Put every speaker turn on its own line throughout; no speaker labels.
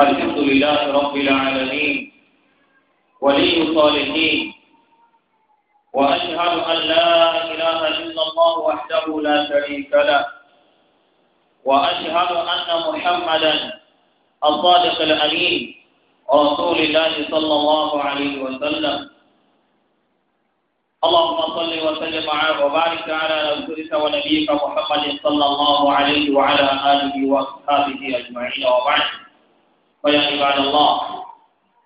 الحمد لله رب العالمين ولي الصالحين وأشهد أن لا إله إلا الله وحده لا شريك له وأشهد أن محمدا الصادق الأمين رسول الله صلى الله عليه وسلم اللهم صل وسلم وبارك على رسولك ونبيك محمد صلى الله عليه وعلى آله وأصحابه أجمعين وبعد
فيا عباد الله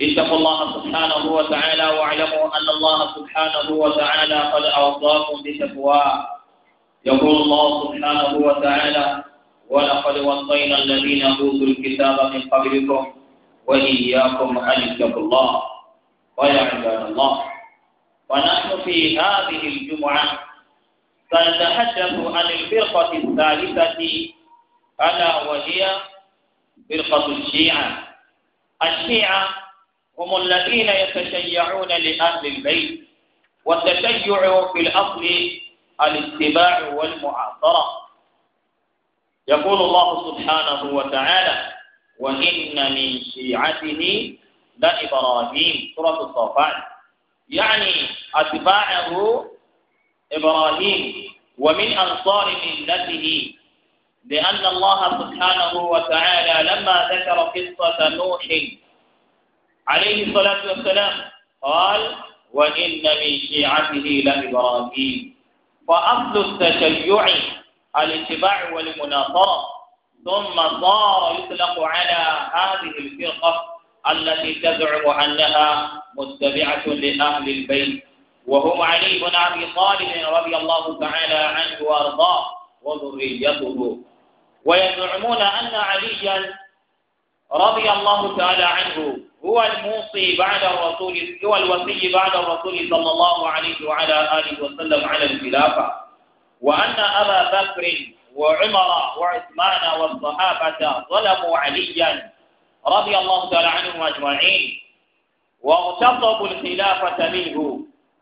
اتقوا الله سبحانه وتعالى واعلموا أن الله سبحانه وتعالى قد أوصاكم بتقواه يقول الله سبحانه وتعالى ولقد وصينا الذين أوتوا الكتاب من قبلكم وإياكم أن اتقوا الله ويا عباد الله ونحن في هذه الجمعة سنتحدث عن الفرقة الثالثة ألا وهي فرقة الشيعة الشيعة هم الذين يتشيعون لأهل البيت والتشيع في الأصل الاتباع والمعاصرة يقول الله سبحانه وتعالى وإن من شيعته لإبراهيم سورة الصافات يعني أتباعه إبراهيم ومن أنصار ملته لأن الله سبحانه وتعالى لما ذكر قصة نوح عليه الصلاة والسلام قال وإن من شيعته لإبراهيم فأصل التشيع الاتباع والمناصرة ثم صار يطلق على هذه الفرقة التي تزعم أنها متبعة لأهل البيت وهم علي بن أبي طالب رضي الله تعالى عنه وأرضاه وذريته ويزعمون أن عليا رضي الله تعالى عنه هو الموصي بعد الرسول هو الوصي بعد الرسول صلى الله عليه وعلى آله وسلم على الخلافة وأن أبا بكر وعمر وعثمان والصحابة ظلموا عليا رضي الله تعالى عنهم أجمعين واغتصبوا الخلافة منه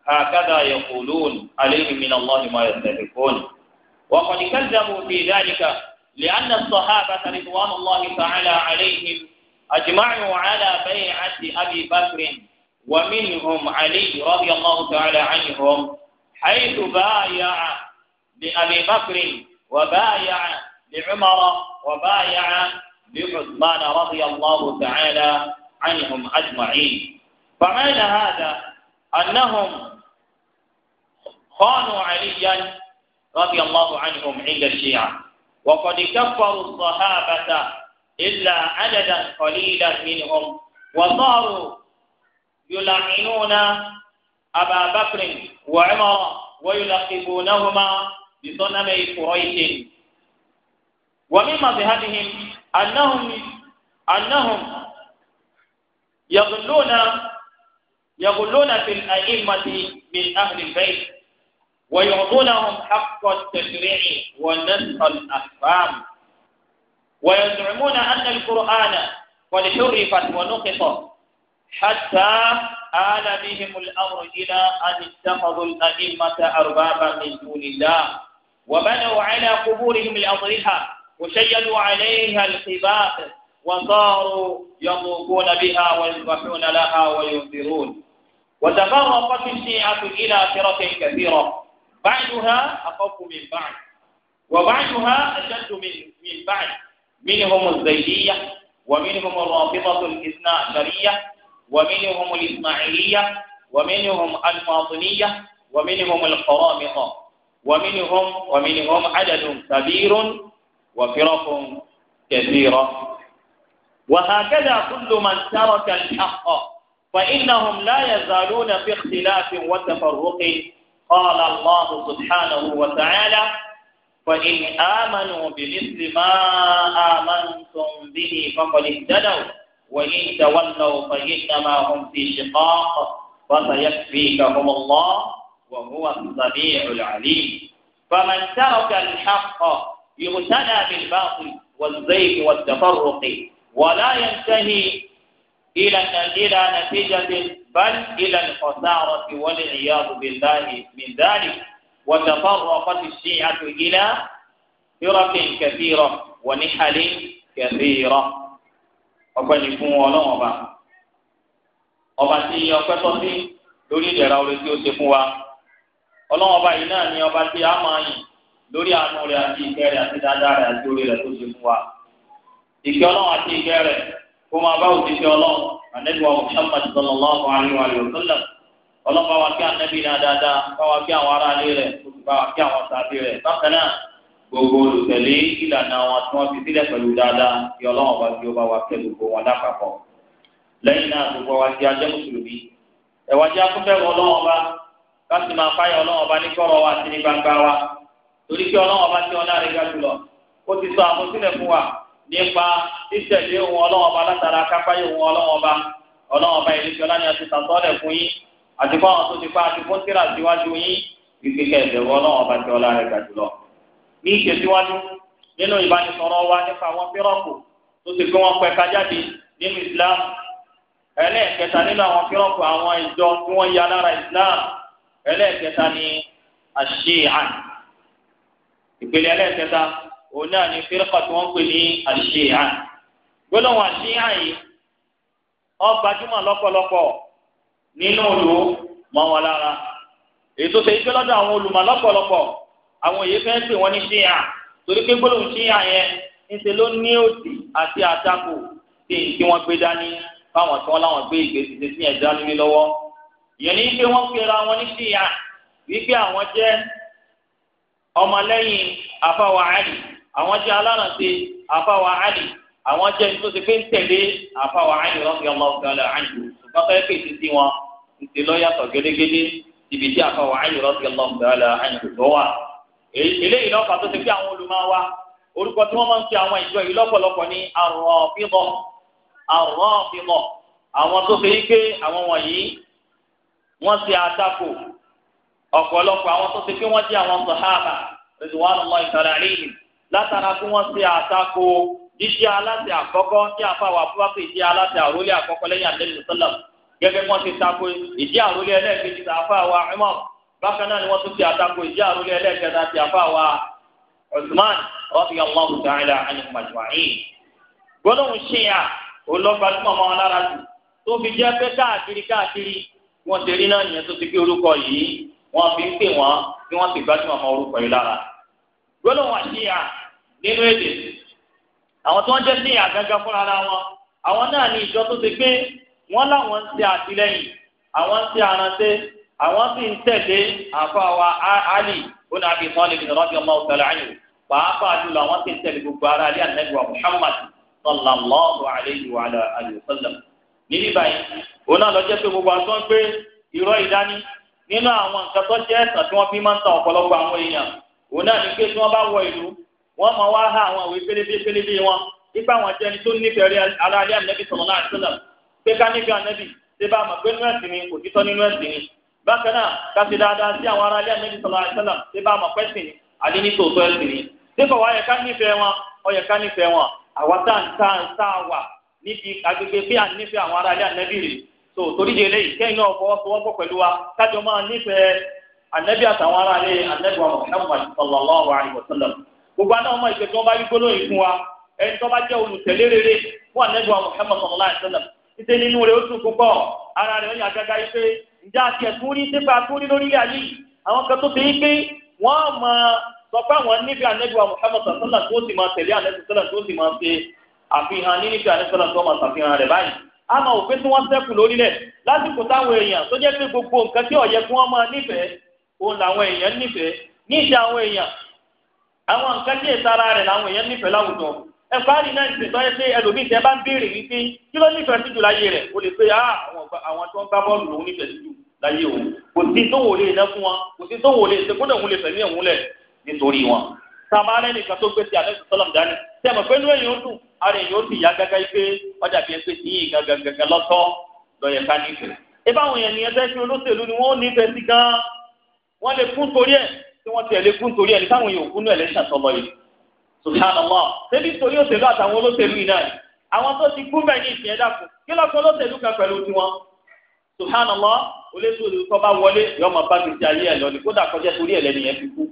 هكذا يقولون عليهم من الله ما يستحقون وقد كذبوا في ذلك لأن الصحابة رضوان الله تعالى عليهم أجمعوا على بيعة أبي بكر ومنهم علي رضي الله تعالى عنهم حيث بايع لأبي بكر وبايع لعمر وبايع لعثمان رضي الله تعالى عنهم أجمعين فمعنى هذا أنهم خانوا عليا رضي الله عنهم عند الشيعة وقد كفروا الصحابة إلا عددا قليلا منهم وصاروا يلعنون أبا بكر وعمر ويلقبونهما بصنم قريش ومن مذهبهم أنهم أنهم يغلون يغلون في الأئمة من أهل البيت ويعطونهم حق التشريع ونسخ الأحكام ويزعمون أن القرآن قد حرفت ونقص حتى آل بهم الأمر إلى أن اتخذوا الأئمة أربابا من دون الله وبنوا على قبورهم الأضرحة وشيدوا عليها الخباث وصاروا يطوفون بها ويذبحون لها وينذرون وتفرقت الشيعة إلى فرق كثيرة بعدها أخف من بعد وبعدها أشد من من بعد منهم الزيدية ومنهم الرافضة الاثنا عشرية ومنهم الإسماعيلية ومنهم الفاطمية ومنهم القرامطة ومنهم ومنهم عدد كبير وفرق كثيرة وهكذا كل من ترك الحق فإنهم لا يزالون في اختلاف وتفرق قال الله سبحانه وتعالى فإن آمنوا بمثل ما آمنتم به فقد اهتدوا وإن تولوا فإنما هم في شقاق فسيكفيكهم الله وهو السميع العليم فمن ترك الحق يغتنى بالباطل والزيف والتفرق ولا ينتهي إلى إلى نتيجة بل إلى الخسارة والعياذ بالله من ذلك وتفرقت الشيعة إلى فرق كثيرة ونحل كثيرة ọpẹ́ ní fún Ọlọ́run ọba ọba tí ọpẹ́ tọ́ sí lórí ìdẹ̀ra orí tí ó ṣe fún wa Ọlọ́run ọba yìí náà ni ọba tí a máa yìn lórí àánú rẹ̀ àti ìkẹ́ rẹ̀ àti dáadáa rẹ̀ àti orí rẹ̀ tó ṣe fún wa ìkẹ́ Ọlọ́run àti ìkẹ́ rẹ̀ kó máa bá òṣìṣẹ́ Ọlọ́run ànẹ́bí wa Muhammad sallallahu alayhi wa sallam ọlọ́pàá wa kí ànẹ́bí náà dáadáa bá wa kí àwọn ará ilé rẹ̀ bá wa kí àwọn sábẹ́ rẹ̀ bákan náà gbogbo olùtẹ̀lé ìlànà àwọn tí wọ́n fi sílẹ̀ pẹ̀lú dáadáa kí ọlọ́wọ́n bá kí ó bá wa kẹ́ gbogbo wọn lápapọ̀ lẹ́yìn náà gbogbo wa kí ajẹ́ mùsùlùmí ẹ̀wà jẹ́ akúfẹ́wọ̀ ọlọ́wọ́n bá ká sì máa fáyà ọlọ́wọ́n bá ní kọ́rọ̀ wa sí ní gbangba wa torí kí ọlọ́wọ́n bá tí ọlá rẹ̀ gbàgbọ́ ó ti sọ àkọsílẹ̀ fún wa nípa títẹ̀lé ohun ọlọ́wọ́n ọba látara kápáyé ohun ọlọ́wọ́n ọba ọlọ́wọ́n ọba ìlú ìjọba ni a ti sàtọ́lẹ̀ fún yín àti fún àwọn tó ti pa àti fún tíra síwájú yín ìgbéga ìbẹ̀rù ọlọ́wọ́n ọba ti ọlá rẹ̀ gàdú lọ. ní ìṣèṣíwájú nínú ìbánisọ̀rọ̀ wa nípa àwọn fírọ́ọ̀kù tó ti gbé wọn pẹ̀ka jáde nínú Islam ẹlẹ́ẹ̀kẹta nínú àwọn fírọ́ọ̀kù àwọn ìjọ tí wọ́n ya lára Islam ẹlẹ́ẹ̀kẹta ni àṣìyàn ìpele ẹlẹ́ẹ̀kẹta òun náà ni fírkà tí wọ́n ń pè ní àṣìyà gbólóhùn àṣìyà yìí ó gbajúmọ̀ lọ́pọ̀lọpọ̀ nínú òlu mọ́ wọn lára ètò ṣe ìgbé lọ́dọ̀ àwọn olùmọ̀ lọ́pọ̀lọpọ̀ àwọn èyí fẹ́ pè wọ́n ní ṣìyà torí pé gbólóhùn ṣìyà yẹn ńṣe ló ní òdì àti àtakò tí tí wọ́n gbé dání fáwọn tí wọ́n láwọn gbé ìgbésí sí ẹ̀dá lórí lọ́wọ́ ìyẹn ní pé wọ́n pera wọn ní ṣìyà wípé àwọn jẹ́ ọmọlẹ́yìn afáwa àlì àwọn jẹ́ alárànṣe àfàwà àlì àwọn jẹ́ ní tó ti pé ń tẹ̀lé àfàwà àlì rọ́bì ọlọ́ọ̀gbẹ́lẹ̀ àlì ṣùgbọ́n fẹ́ẹ́ pèsè sí wọn ìṣe lọ́yàtọ̀ gẹ́gẹ́gẹ́ ibi tí àfàwà àlì rọ́bì ọlọ́ọ̀gbẹ́lẹ̀ àlì tó wà. eléyìí lọ́kà tó ti pé àwọn olùmọ̀wá orúkọ tí wọ́n máa ń fi àwọn ìjọ yìí lọ́pọ̀lọpọ̀ ní àrọ̀bìmọ̀ àwọn tó fi pé àwọn wọ̀nyí wọ́n ti àtakò ọ̀pọ̀lọpọ̀ àwọn tó ti pé wọ́n jẹ́ àwọn sàhábà rẹ̀ wà lọ́mọ ìtàrà àríyìn látara kí wọ́n ṣe àtakò jíjẹ́ aláṣẹ àkọ́kọ́ tí àfàwọ̀ àfúráfẹ́ ìjẹ́ aláṣẹ àrólé àkọ́kọ́ lẹ́yìn àdéhùn sọ́lá gẹ́gẹ́ bí wọ́n ti tako ìjẹ́ àrólé ẹlẹ́ẹ̀kejì tí àfàwọ̀ ẹ̀mọ́ bákan náà ni wọ́n tún ti àtakò ìjẹ́ àrólé ẹlẹ́ẹ̀kẹta tí àfàwọ̀ Usman radiyallahu ta'ala anhum ajma'in. gbọ́dọ̀hún ṣìyà olọ́gbàdúmọ̀ mọ́ lára jù tó fi jẹ́ pé káàkiri káàkiri wọ́n ti rí náà nìyẹn tó ti fi ń pè wọ́n bí wọ́n nínú èdè àwọn tí wọ́n jẹ́ ní àgàgà fúnra ara wọn àwọn náà ní ìjọ tó ti pé wọ́n láwọn ń ṣe àtìlẹ́yìn àwọn ń ṣe àránṣẹ́ àwọn sì ń tẹ̀lé àfọwà Ali ibn Abi Talib radiyallahu ta'ala anhu pàápàá jùlọ àwọn sì ń tẹ̀lé gbogbo ara alẹ́ ànẹ́gbà Muhammad sallallahu alayhi wa alayhi wa sallam níbí báyìí òun náà lọ jẹ́ pé gbogbo àtọ́ ń gbé irọ́ ìdání nínú àwọn nǹkan tó jẹ́ ẹ̀sán tí wọ́n fi máa ń ta ọ̀pọ̀lọpọ̀ àwọn èèyàn òun náà ní pé tí wọ́n bá wọ ìlú wọ́n máa wá há àwọn òwe pélébé pélébé wọn nípa àwọn jẹ́ni tó nífẹ̀ẹ́ rí aráalé ànábì sọ̀rọ̀ náà sílẹ̀ pé ká nífẹ̀ẹ́ ànábì ṣé bá pé nínú ẹ̀sìn ni nínú ẹ̀sìn ni bákan náà ká ṣe dáadáa sí àwọn aráalé sọ̀rọ̀ náà bá ni ní ká wọn ká wọn àwa tá wà níbi agbègbè pé à ń àwọn rè eléyìí kẹ́yìn náà gbogbo anáwọn ọmọ ìṣẹ̀tọ́ bá rí gbólóyìn fún wa ẹni tó bá jẹ́ olùtẹ̀lé rere fún anẹ́gbọ̀n Muhammad sallallahu alaihi wasallam títí nínú rẹ̀ ó tún púpọ̀ ara rẹ̀ ó yà gágá yìí pé ǹjẹ́ àti ẹ̀tún rí sípa tún rí lórílẹ̀ ayé àwọn kan tó ti yí pé wọ́n máa sọ pé àwọn níbi anẹ́gbọ̀n Muhammad sallallahu alaihi tó sì máa tẹ̀lé anẹ́gbọ̀n tó sì máa ṣe àfihàn ní níbi anẹ́gbọ̀n tó máa ṣàfihàn rẹ̀ báyìí àwọn nǹkan tí èso ara rẹ̀ làwọn èèyàn nífẹ̀ẹ́ láwùjọ ẹ̀fáàrí náà ti tọ́ ẹ pé ẹlòmíì tẹ́ bá ń béèrè wípé kí ló nífẹ̀ẹ́ sí jù láyé rẹ̀ o lè pe ah, àwọn tó ń gbá bọ́ọ̀lù lòún nífẹ̀ẹ́ sí jù láyé òun kò sí tó wò lè ná fún wọn kò sí tó wò lè ṣe kó dẹ̀wọ̀n lè fẹ̀mí ẹ̀wọ̀n lẹ̀ nítorí wọn. sàmárẹ́ nìkan tó gbé ti àlẹ́ sọ́lọ́m dání tẹ́ mọ̀ pé lóyún ó dùn ni wọ́n nífẹ̀ẹ́ sí gan tí wọ́n ti ẹ̀ lé kú nítorí ẹni táwọn yòókù nú ẹlẹ́sìn àtọ́lọ́ yìí subhanallah ṣebí nítorí òṣèlú àtàwọn olóṣèlú yìí náà ni àwọn tó ti kú bẹ́ẹ̀ ní ìsìn ẹ̀dá kù kí lọ́kọ́ olóṣèlú kan pẹ̀lú tiwọn subhanallah olóṣèlú tó bá wọlé yọ ọmọ bá gbèsè ayé ẹ lọ ni kódà kọjá torí ẹ lẹ́nu yẹn fi kú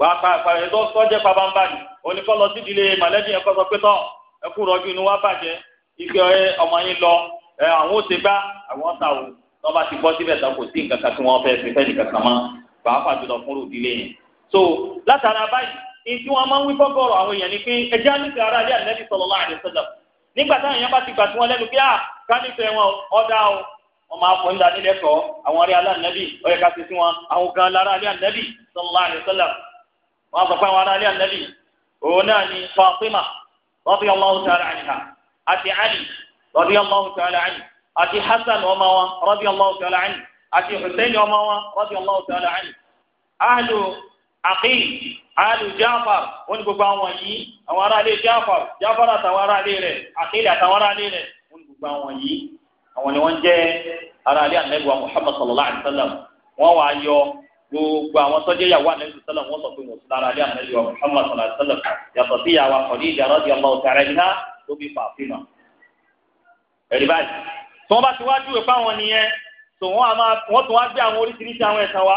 wàá pa àpàrẹ tó kọjá pabamba ni oníkọ́ lọ sí ìdílé mọ̀lẹ́bí yẹn kọ́ sọ pé tán ẹkú rọjú inú wa bàjẹ́ ike ọmọ yín lọ àwọn ò ṣe bá àwọn ọ̀tá o tó bá ti bọ́ síbẹ̀ tán kò sí pàápàá jùlọ fún òdílé yẹn. so látara báyìí ìdí wọn máa ń wí fọ́gọ́rọ̀ àwọn èèyàn ni pé ẹjẹ́ àlùfẹ́ ara ilé àlẹ́bí sallallahu alaihi wasallam nígbà táwọn èèyàn bá ti gbà tí wọ́n lẹ́nu pé à kánífẹ́ wọn ọ̀dà o wọn máa fọ nílá nílẹ̀ kọ́ àwọn ará alẹ́ ànẹ́bí ọ̀yẹ́ ká ti sí wọn àwọn gan lára alẹ́ ànẹ́bí sallallahu alaihi wasallam wọn sọ pé àwọn ará alẹ́ ànẹ́bí òun náà ni Fatima radiyallahu ta'ala anha àti Ali àti àti Hussein ọmọ wọn radiyallahu ta'ala anhu ahlu Aqil ahlu Jafar wọn ni gbogbo àwọn yìí àwọn aráalé Jafar Jafar àtàwọn aráalé rẹ̀ Aqil àtàwọn aráalé rẹ̀ wọn ni gbogbo àwọn yìí àwọn ni wọ́n jẹ́ aráalé Ànábì wa sallallahu alayhi wa sallam wọ́n wàá yọ gbogbo àwọn sọjẹ yàwó anabi sọlọ wọn sọ pé wọn sọ lára alẹ anabi wa muhammad sọlọ sọlọ yàtọ̀ sí yàwó akọni ìjàrọ di ọlọwọ tààrà tò wọ́n a máa wọ́n tún wá gbé àwọn oríṣiríṣi àwọn ẹ̀sán wa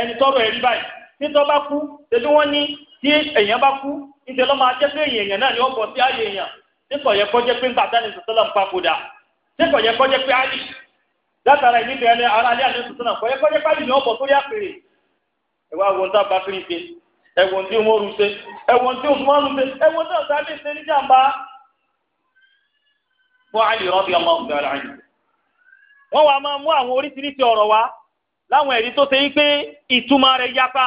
ẹni tọrọ ẹ̀rí báyìí títọ́ bá kú tẹ́lú wọ́n ní tí èèyàn bá kú níṣẹ́ lọ́ máa jẹ́ pé èèyàn náà ni wọ́n bọ̀ sí ààyè èèyàn nípa ọ̀yẹ́ kọ́jẹ́ pé nípa ọ̀yẹ́ ara alẹ́ kọ́jẹ́ pé àlì ni wọ́n bọ̀ sórí àpèrè wọ́n wá máa mú àwọn oríṣiríṣi ọ̀rọ̀ wá láwọn ẹ̀rí tó ṣe yí pé ìtumọ̀ rẹ̀ yapa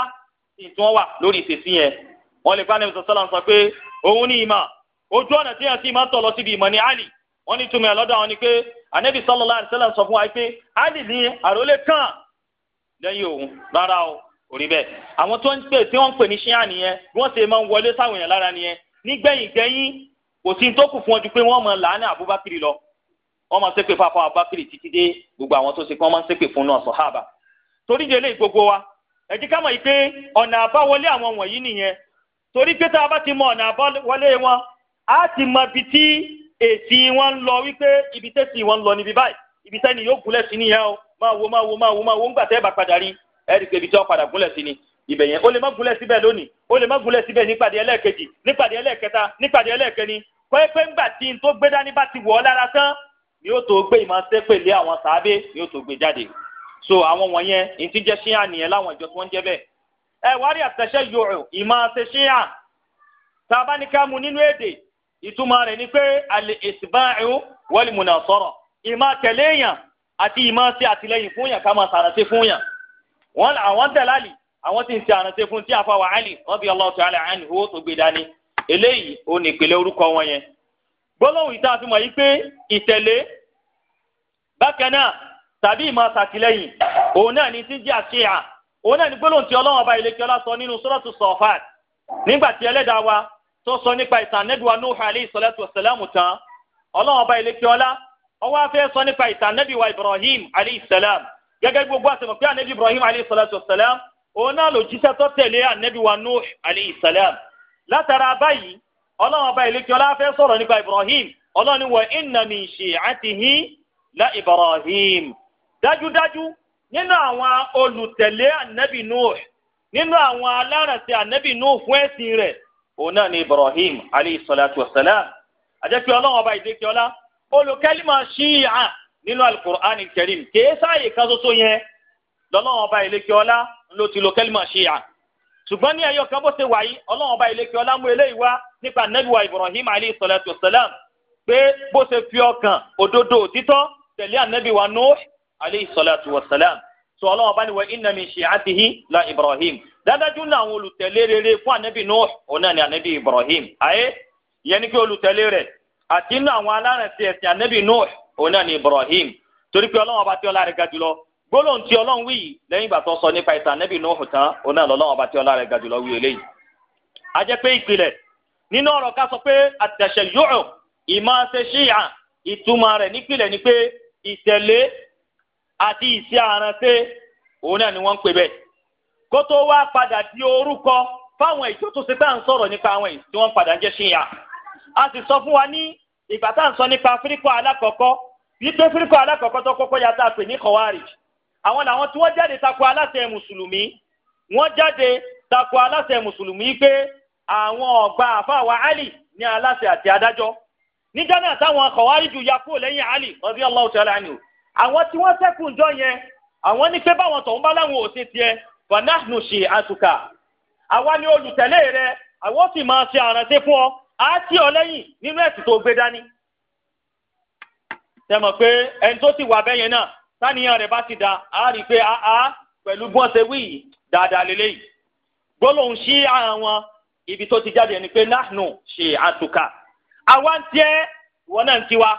ìtún wà lórí ìṣesí yẹn wọ́n lè pàdé ìṣọ̀sọ́ là ń sọ pé òun ní ìmọ̀ ojú ọ̀nà tí yẹn ti máa ń tọ̀ lọ síbi ìmọ̀ ní Ali wọ́n ní túmọ̀ ẹ̀lọ́dọ̀ àwọn ni pé Ànábì sallallahu alaihi wasallam sọ fún wa pé Ali ní àrólé kàn lẹ́yìn òun rárá o kò rí bẹ́ẹ̀ àwọn tó ń pè tí wọ́n ń pè ní ṣíà nìyẹn bí wọ́n ṣe máa ń wọlé sáwọn èèyàn lára nìyẹn nígbẹ̀yìn gbẹ̀yìn tó kù fún ọ ju pé wọ́n mọ làánà Abubakar lọ wọ́n máa ṣépè fún àfọwọ́ abákìrì títí dé gbogbo àwọn tó ṣe pé wọ́n máa ṣépè fún náà sọ̀hábà torí délé gbogbo wa ẹ jẹ́ ká mọ̀ yìí pé ọ̀nà àbáwọlé àwọn wọ̀nyí nìyẹn torí pé tá a bá ti mọ ọ̀nà àbáwọlé wọn á ti mọ ibi tí èsì wọn ń lọ wípé ibi tẹ́sì wọn ń lọ níbi báyìí ibi sẹ́ni yóò gúnlẹ̀ sí nìyẹn o máa wo máa wo máa wo máa wo ńgbà tẹ́ ẹ bá padà rí ẹ rí i pé ibi tí wọ́n padà gúnlẹ̀ sí ni ibẹ̀ yẹn ó lè má gúnlẹ̀ síbẹ̀ lónìí ó lè má gúnlẹ̀ síbẹ̀ nípàdé ẹlẹ́ẹ̀kejì nípàdé ẹlẹ́ẹ̀kẹta nípàdé ẹlẹ́ẹ̀kẹni kọ́ ẹ pé ńgbà tí n tó gbé dání bá ti wọ̀ ọ́ lára tán ni o tó gbé ìmọ̀ sẹ́pẹ̀lẹ́ àwọn sàábé ni o tó gbé jáde so àwọn wọ̀nyẹn ètí jẹ́ ṣíà nìyẹn láwọn ìjọ tí wọ́n ń jẹ́ bẹ́ẹ̀ ẹ àtẹ̀ṣẹ́ ìmọ̀ tá a bá ní ká mu nínú èdè ìtumọ̀ rẹ̀ ni pé àlè ìsìbáàrún wọ́ọ̀lì múnà sọ̀rọ̀ ìmọ̀ tẹ̀lé èèyàn àti ìmọ̀ ṣe àtìlẹyìn fún yàn ká máa sàrántí fún yàn wọ́n àwọn àwọn ń àrántí fún àfa wàhálì tó gbé dání gbólóhùn ìta àfihàn yìí pé ìtẹ̀lé bákan náà tàbí ìmọ̀ ṣàtìlẹ́yìn òun náà ni ti jẹ́ àṣeyà òun náà ni gbólóhùn tí ọlọ́run ọba ìlẹ́kẹ́ ọlá sọ nínú sọ́rọ́tù sọ̀fàt nígbà tí ẹlẹ́dàá wa tó sọ nípa ìtàn nẹ́dùwà nuhu alayhi salatu wasalamu tán ọlọ́run ọba ìlẹ́kẹ́ ọlá ó wá sọ nípa ìtàn nẹ́dùwà ibrahim alayhi salam gẹ́gẹ́ gbogbo àtẹ̀mọ̀ pé ànẹ́bí ibrahim alayhi salatu wasalam òun náà ló tó tẹ̀lé ànẹ́bí wa nuhu alayhi salam látara báyìí ọlọ́run ọba ìlẹ́kẹ́ ọlá fẹ́ sọ̀rọ̀ nípa ibrahim ọlọ́run ni wa inna min shi'atihi la ibrahim dájúdájú nínú àwọn olùtẹ̀lé ànábì nuh nínú àwọn alárànṣẹ́ ànábì nuh fún ẹ̀sìn rẹ̀ òun náà ni ibrahim alayhi salatu wa salam àjẹpẹ́ ọlọ́run ọba ìlẹ́kẹ́ ọlá olùkẹ́límà ṣíyà nínú alukur'an karim kèé sáàyè kan ṣoṣo yẹn lọ́lọ́run ọba ìlẹ́kẹ́ ọlá ló ti lo ṣíyà ṣùgbọ́n ní ẹyọ kan bó ṣe wà yìí ọlọ́run ọba ilé kí ọlá mú eléyìí wá nípa nẹ́bíwá ibrahim alayhi salatu wasalam pé bó ṣe fi ọkàn òdodo òtítọ́ tẹ̀lé ànẹ́bíwá nuh alayhi salatu wasalam sọ ọlọ́run ọba ni wọ́n inna min shi'atihi la ibrahim dáadájú ní àwọn olùtẹ̀lé rere fún ànẹ́bí nuh òun ni ànẹ́bí ibrahim ayé ìyẹn ni pé olùtẹ̀lé rẹ̀ àti inú àwọn alárẹ̀sẹ̀ ẹ̀sìn ànẹ́bí nuh òun ni ibrahim torí pé ọlọ́run ọba tí ọlá rẹ̀ ga jùlọ gbólóhùn tí ọlọ́run wí yìí lẹ́yìn ìgbà tó sọ nípa ìtàn nẹ́bí Nuhu tán òun náà lọ́lọ́run ọba tí ọlá rẹ̀ ga jùlọ wí eléyìí. a jẹ́ pé ìpìlẹ̀ nínú ọ̀rọ̀ ká sọ pé àtẹ̀sẹ̀ yóò ìmọ̀ ṣe ṣíyà ìtumọ̀ rẹ̀ nípìlẹ̀ ni pé ìtẹ̀lé àti ìṣe àránṣe òun náà ni wọ́n ń pè bẹ́ẹ̀. kó tó wá padà di orúkọ fáwọn ìjọ tó ṣe tá à ń sọ̀rọ̀ nípa àwọn èyí àwọn làwọn tí wọ́n jáde takò aláṣẹ mùsùlùmí wọ́n jáde takò aláṣẹ mùsùlùmí pé àwọn ọ̀gbà àfàwà ali ní aláṣẹ àti adájọ́ níjọ́ náà táwọn kọ̀wárìjù ya kúrò lẹ́yìn ali radiyallahu ta'ala anhu àwọn tí wọ́n ṣẹ́kù ńjọ́ yẹn àwọn ní pé báwọn tọ̀hún bá láwọn ò ṣe tiẹ̀ fanahnu ṣe àtùkà àwa ni olùtẹ̀lé rẹ àwọn sì máa ṣe àrántí fún ọ á tì ọ lẹ́yìn nínú ẹ̀sìn tó gbé dání. tẹ́ pé ẹni tó sì wà bẹ́yẹn náà sáníyàn rẹ̀ bá ti dà á rí i pé áá ah, ah, pẹ̀lú bí wọ́n ṣe wí yìí dáadáa lélẹ́yìí gbólóhùn ṣí àwọn ibi tó ti jáde ni pé nahnu ṣe àtúkà àwa ń tiẹ́ ìwọ náà ń tiwa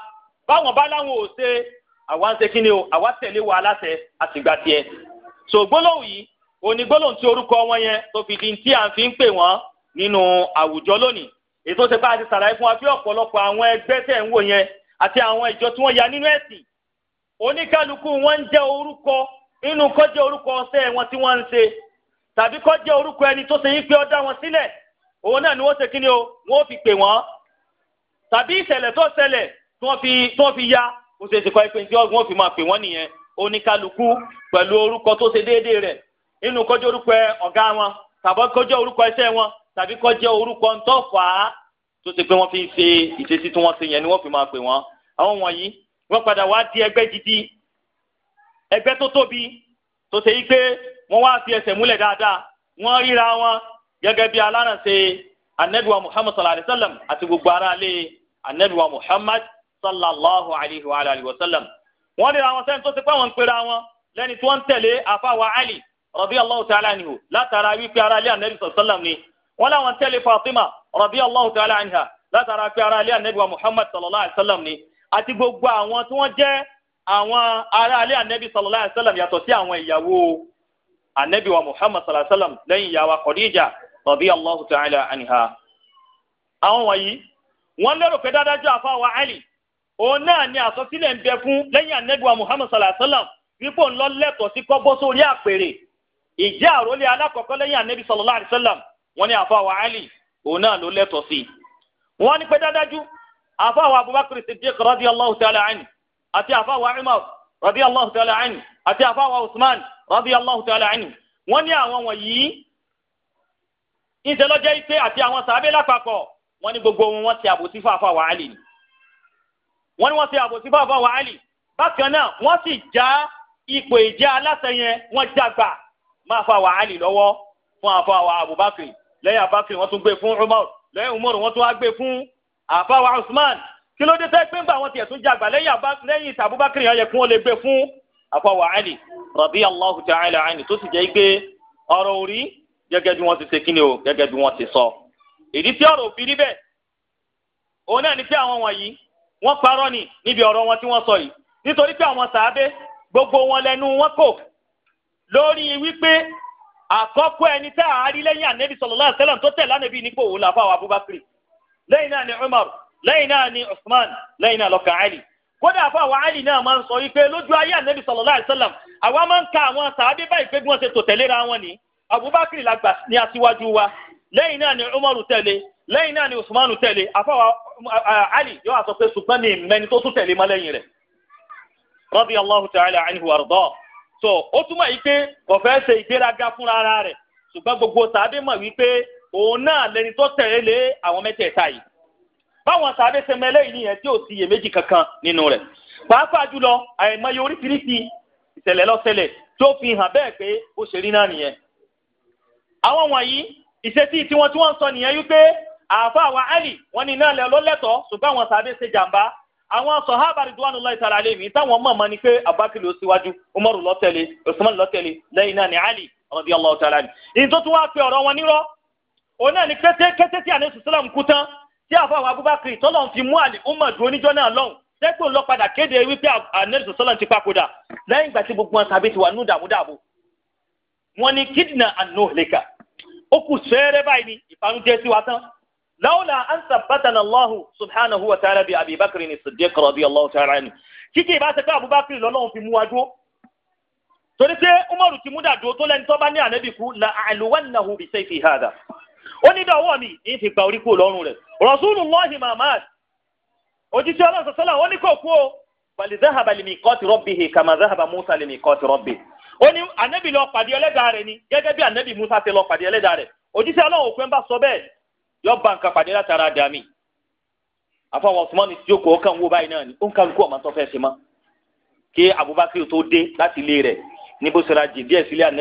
báwọn bá láwọn ò ṣe àwa ń ṣe kí ni o àwa tẹ̀lé wa aláṣẹ àtìgbà tiẹ̀ so gbólóhùn yìí òní gbólóhùn tí orúkọ wọn yẹn tó fi di tí à ń fi ń pè wọ́n nínú àwùjọ lónìí èyí tó ṣe pé a ti ṣàlàyé fún wa bí ọ̀pọ̀lọpọ̀ àwọn ẹgbẹ́ tẹ̀ ń wò yẹn àti àwọn ìjọ tí wọ́n ya nínú ẹ̀sìn oníkálukú wọn ń jẹ́ orúkọ inú kó jẹ́ orúkọ ọ̀sẹ̀ wọn tí wọ́n ń ṣe tàbí kó jẹ́ orúkọ ẹni tó ṣe yín pé ó dá wọn sílẹ̀ òun náà ni wọ́n ṣe kíni o wọ́n fi pè wọ́n tàbí ìṣẹ̀lẹ̀ tó ṣẹlẹ̀ tí wọ́n fi tí wọ́n fi ya ó ṣe é ṣe kọ́ ẹgbẹ́ tí wọ́n fi máa pè wọ́n nìyẹn oníkálukú pẹ̀lú orúkọ tó ṣe déédéé rẹ̀ inú kó jẹ́ orúkọ ọ̀gá wọn tàbí kó jẹ́ orúkọ iṣẹ́ wọn tàbí kó jẹ́ orúkọ ntọ́fà tó ṣe pé wọ́n fi ṣe ìṣesí tí wọ́n ṣe yẹn ni wọ́n fi máa pè wọ́n àwọn wọ̀nyí wọ́n padà wá di ẹgbẹ́ gidi ẹgbẹ́ tó tóbi tó ṣe yí pé wọ́n wá fi ẹsẹ̀ múlẹ̀ dáadáa wọ́n ríra wọn gẹ́gẹ́ bí alárànṣe anabiwa muhammad sallallahu alayhi wa sallam àti gbogbo aráalé anabiwa muhammad sallallahu alayhi wa alayhi wa sallam wọ́n ríra wọn sẹ́ni tó ti pẹ́ wọn ń pera wọn lẹ́ni tí wọ́n ń tẹ̀lé àfàwà ali radiyallahu ta'ala anhu látara wípé aráalé anabi sallam ni wọ́n láwọn tẹ̀lé fatima radiyallahu ta'ala anha látara pé aráalé anabiwa muhammad sallallahu alayhi wa sallam ni àti gbogbo àwọn tí wọ́n jẹ́ àwọn aráalé anabi sallallahu alayhi wa sallam yàtọ̀ sí àwọn ìyàwó anabi wa muhammad sallallahu alayhi wa sallam lẹ́yìn ìyàwó Khadija radiyallahu ta'ala anha. àwọn wọ̀nyí wọ́n lérò pé dáadájú àfa wa ali òun náà ni àsọsílẹ̀ ń bẹ fún lẹ́yìn anabi wa muhammad sallallahu alayhi wa sallam wípé ń lọ lẹ́tọ̀ọ́ sí kọ́bọ́ sórí àpèrè ìjẹ́ àrólé alákọ̀ọ́kọ́ lẹ́yìn anabi sallallahu alayhi wa sallam wọ́n ní àfa wa ali òun náà ló lẹ́tọ̀ọ́ sí. wọ́n ní pé dáadájú àfáwà abubakar siddiq radiyallahu ta'ala anhu àti àfáwà umar radiyallahu ta'ala anhu àti àfáwà usman radiyallahu ta'ala anhu wọ́n ní àwọn wọ̀nyí ìṣẹlọjẹ ife àti àwọn sàbẹ lápapọ̀ wọ́n ní gbogbo wọn wọ́n ti àbòsí fún àfáwà ali wọ́n ní wọ́n ti àbòsí fún àfáwà ali bákan náà wọ́n sì já ipò ìjẹ aláṣẹ yẹn wọ́n jágbà máa fa wàhálì fún àfáwà abubakar lẹ́yìn abubakar wọ́n tún gbé fún umar lẹ́yìn umar wọ́n tún wá gbé fún àfàwà Usman kí ló dé tẹ́ pé ńgbà wọn tiẹ̀ tún jàgbà lẹ́yìn tàbúbákiri yẹn yẹ kí wọ́n lè gbé fún àfàwà Ali radiyallahu ta'ala anhu tó sì jẹ́ gbé ọ̀rọ̀ orí gẹ́gẹ́ bí wọ́n ti ṣe kí ni o gẹ́gẹ́ bí wọ́n ti sọ. ìdí tí ọ̀rọ̀ òfin rí òun náà ni pé àwọn wọ̀nyí wọ́n parọ́ ni níbi ọ̀rọ̀ wọn tí wọ́n sọ yìí nítorí pé àwọn sàábé gbogbo wọn lẹ́nu wọn kò lórí wípé àkọ́kọ́ ẹni tá a rí lẹ́yìn ànẹ́bí sallallahu alaihi wasallam tó tẹ̀ lánàbí nípò òun làfà àwọn Abubakar lẹ́yìn náà ni Umar lẹ́yìn náà ni Usman lẹ́yìn náà lọ́kàn Ali kódà fún àwọn Ali náà máa ń sọ wípé lójú ayé ànábì sallallahu alaihi wasallam àwa máa ń ka àwọn sàábí báyìí pé bí wọ́n ṣe tò tẹ̀léra wọn ni Abubakar la ni aṣíwájú wa lẹ́yìn náà ni Umar tẹ̀lé lẹ́yìn náà ni Usman tẹ̀lé eh, Ali yóò sọ pé ṣùgbọ́n tó tún tẹ̀lé ta'ala anhu so ó túmọ̀ yìí pé kò fẹ́ ṣe ìgbéraga fúnra rẹ̀ ṣùgbọ́n gbogbo sàábí mọ̀ òun náà lẹni tó tẹ̀lé lé àwọn mẹ́tẹ̀ẹ̀ta yìí báwọn sáré sẹmọ eléyìí nìyẹn tí ò sí iyèméjì kankan nínú rẹ̀ pàápàá jùlọ àìmọye oríṣiríṣi ìṣẹ̀lẹ̀ ló ṣẹlẹ̀ tó fi hàn bẹ́ẹ̀ pé ó ṣe rí náà nìyẹn àwọn wọ̀nyí ìṣesí tiwọn tí wọ́n sọ nìyẹn wípé àáfàá wa ali wọ́n ní náà lẹ lọlẹtọ ṣùgbọ́n àwọn sáré ṣe jàǹbá àwọn sọ̀hábà ridwanullahi ta'ala alayhim táwọn mọ̀ọ́mọ́ ni pé abubakar ló síwájú umaru ló tẹ̀lé usman ló tẹ̀lé lẹ́yìn náà ni ali radiyallahu ta'ala anhu. ìyìn tó tún wá pe ọ̀rọ̀ wọn nírọ́ òun náà ni kété kété tí àná sùsùlám kú tán tí àfọwọ́ abubakar tọ́lọ̀ ń fi mu àlè umar dúró níjọ́ náà lọ́hùn sẹ́gbọ̀n lọ padà kéde wípé àná sùsùlám ti papòdà na ìgbà tí gbogbo wọn tàbí ti wà nù dàmúdàbò kidna anuhlika ó kù sẹ́rẹ́ báyìí ni ìfanujẹ́ sí wa lawla an sabbatana allahu subhanahu wa ta'ala bi abubakar ni siddiq radiyallahu ta'ala abubakar fi torí pé umaru ti mú dàdúró tó ó ní dọ̀wọ́ mi ní fi gba orí kúrò lọ́rùn rẹ̀ rọ̀súlù lọ́hìn mamad òjíṣẹ́ ọlọ́sọ̀ sọ́lá ó ní kò kú o balizahaba limi kọ́ọ̀tì rọ́bì hì kàmá zahaba musa limi kọ́ọ̀tì rọ́bì ó ní anabi lọ pàdé ẹlẹ́dàá rẹ̀ ni gẹ́gẹ́ bí anabi musa ti lọ pàdé ẹlẹ́dàá rẹ̀ òjíṣẹ́ ọlọ́run òkú ẹ̀ ń bá sọ bẹ́ẹ̀ yọ ba nǹkan pàdé látara dàmí àfọwọ́n tí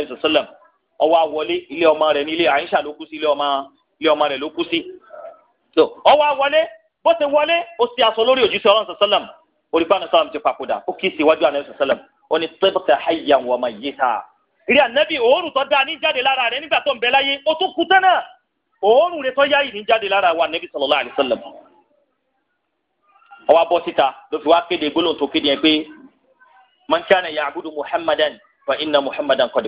ó kọ́ ọwọ́ àwọlé ilé ọmọ rẹ̀ nílé Àyíṣà ló kú sí ilé ọmọ ilé ọmọ rẹ̀ ló kú sí. so ọwọ́ àwọlé bó ti wọlé ó sì aṣọ lórí òjíṣẹ́ ọlọ́run sọ́sọ́lọ́m orípa àná sọ́lọ́m ti papòdà ó kì í sí iwájú àná sọ́sọ́lọ́m ó ní tẹ́bùtà hayà wọ́n máa yé ta. ìrí ànábì òórùn tó dáa ní jáde lára rẹ̀ nígbà tó ń bẹ láyé ó tún kú tán náà òórùn rẹ̀ tó yá ní jáde lára wa ànábì sallallahu alaihi wasallam. ọwọ́ bọ́ síta ló fi wá kéde gbólóhùn tó kéde yẹn pé man kana muhammadan fa inna muhammadan qad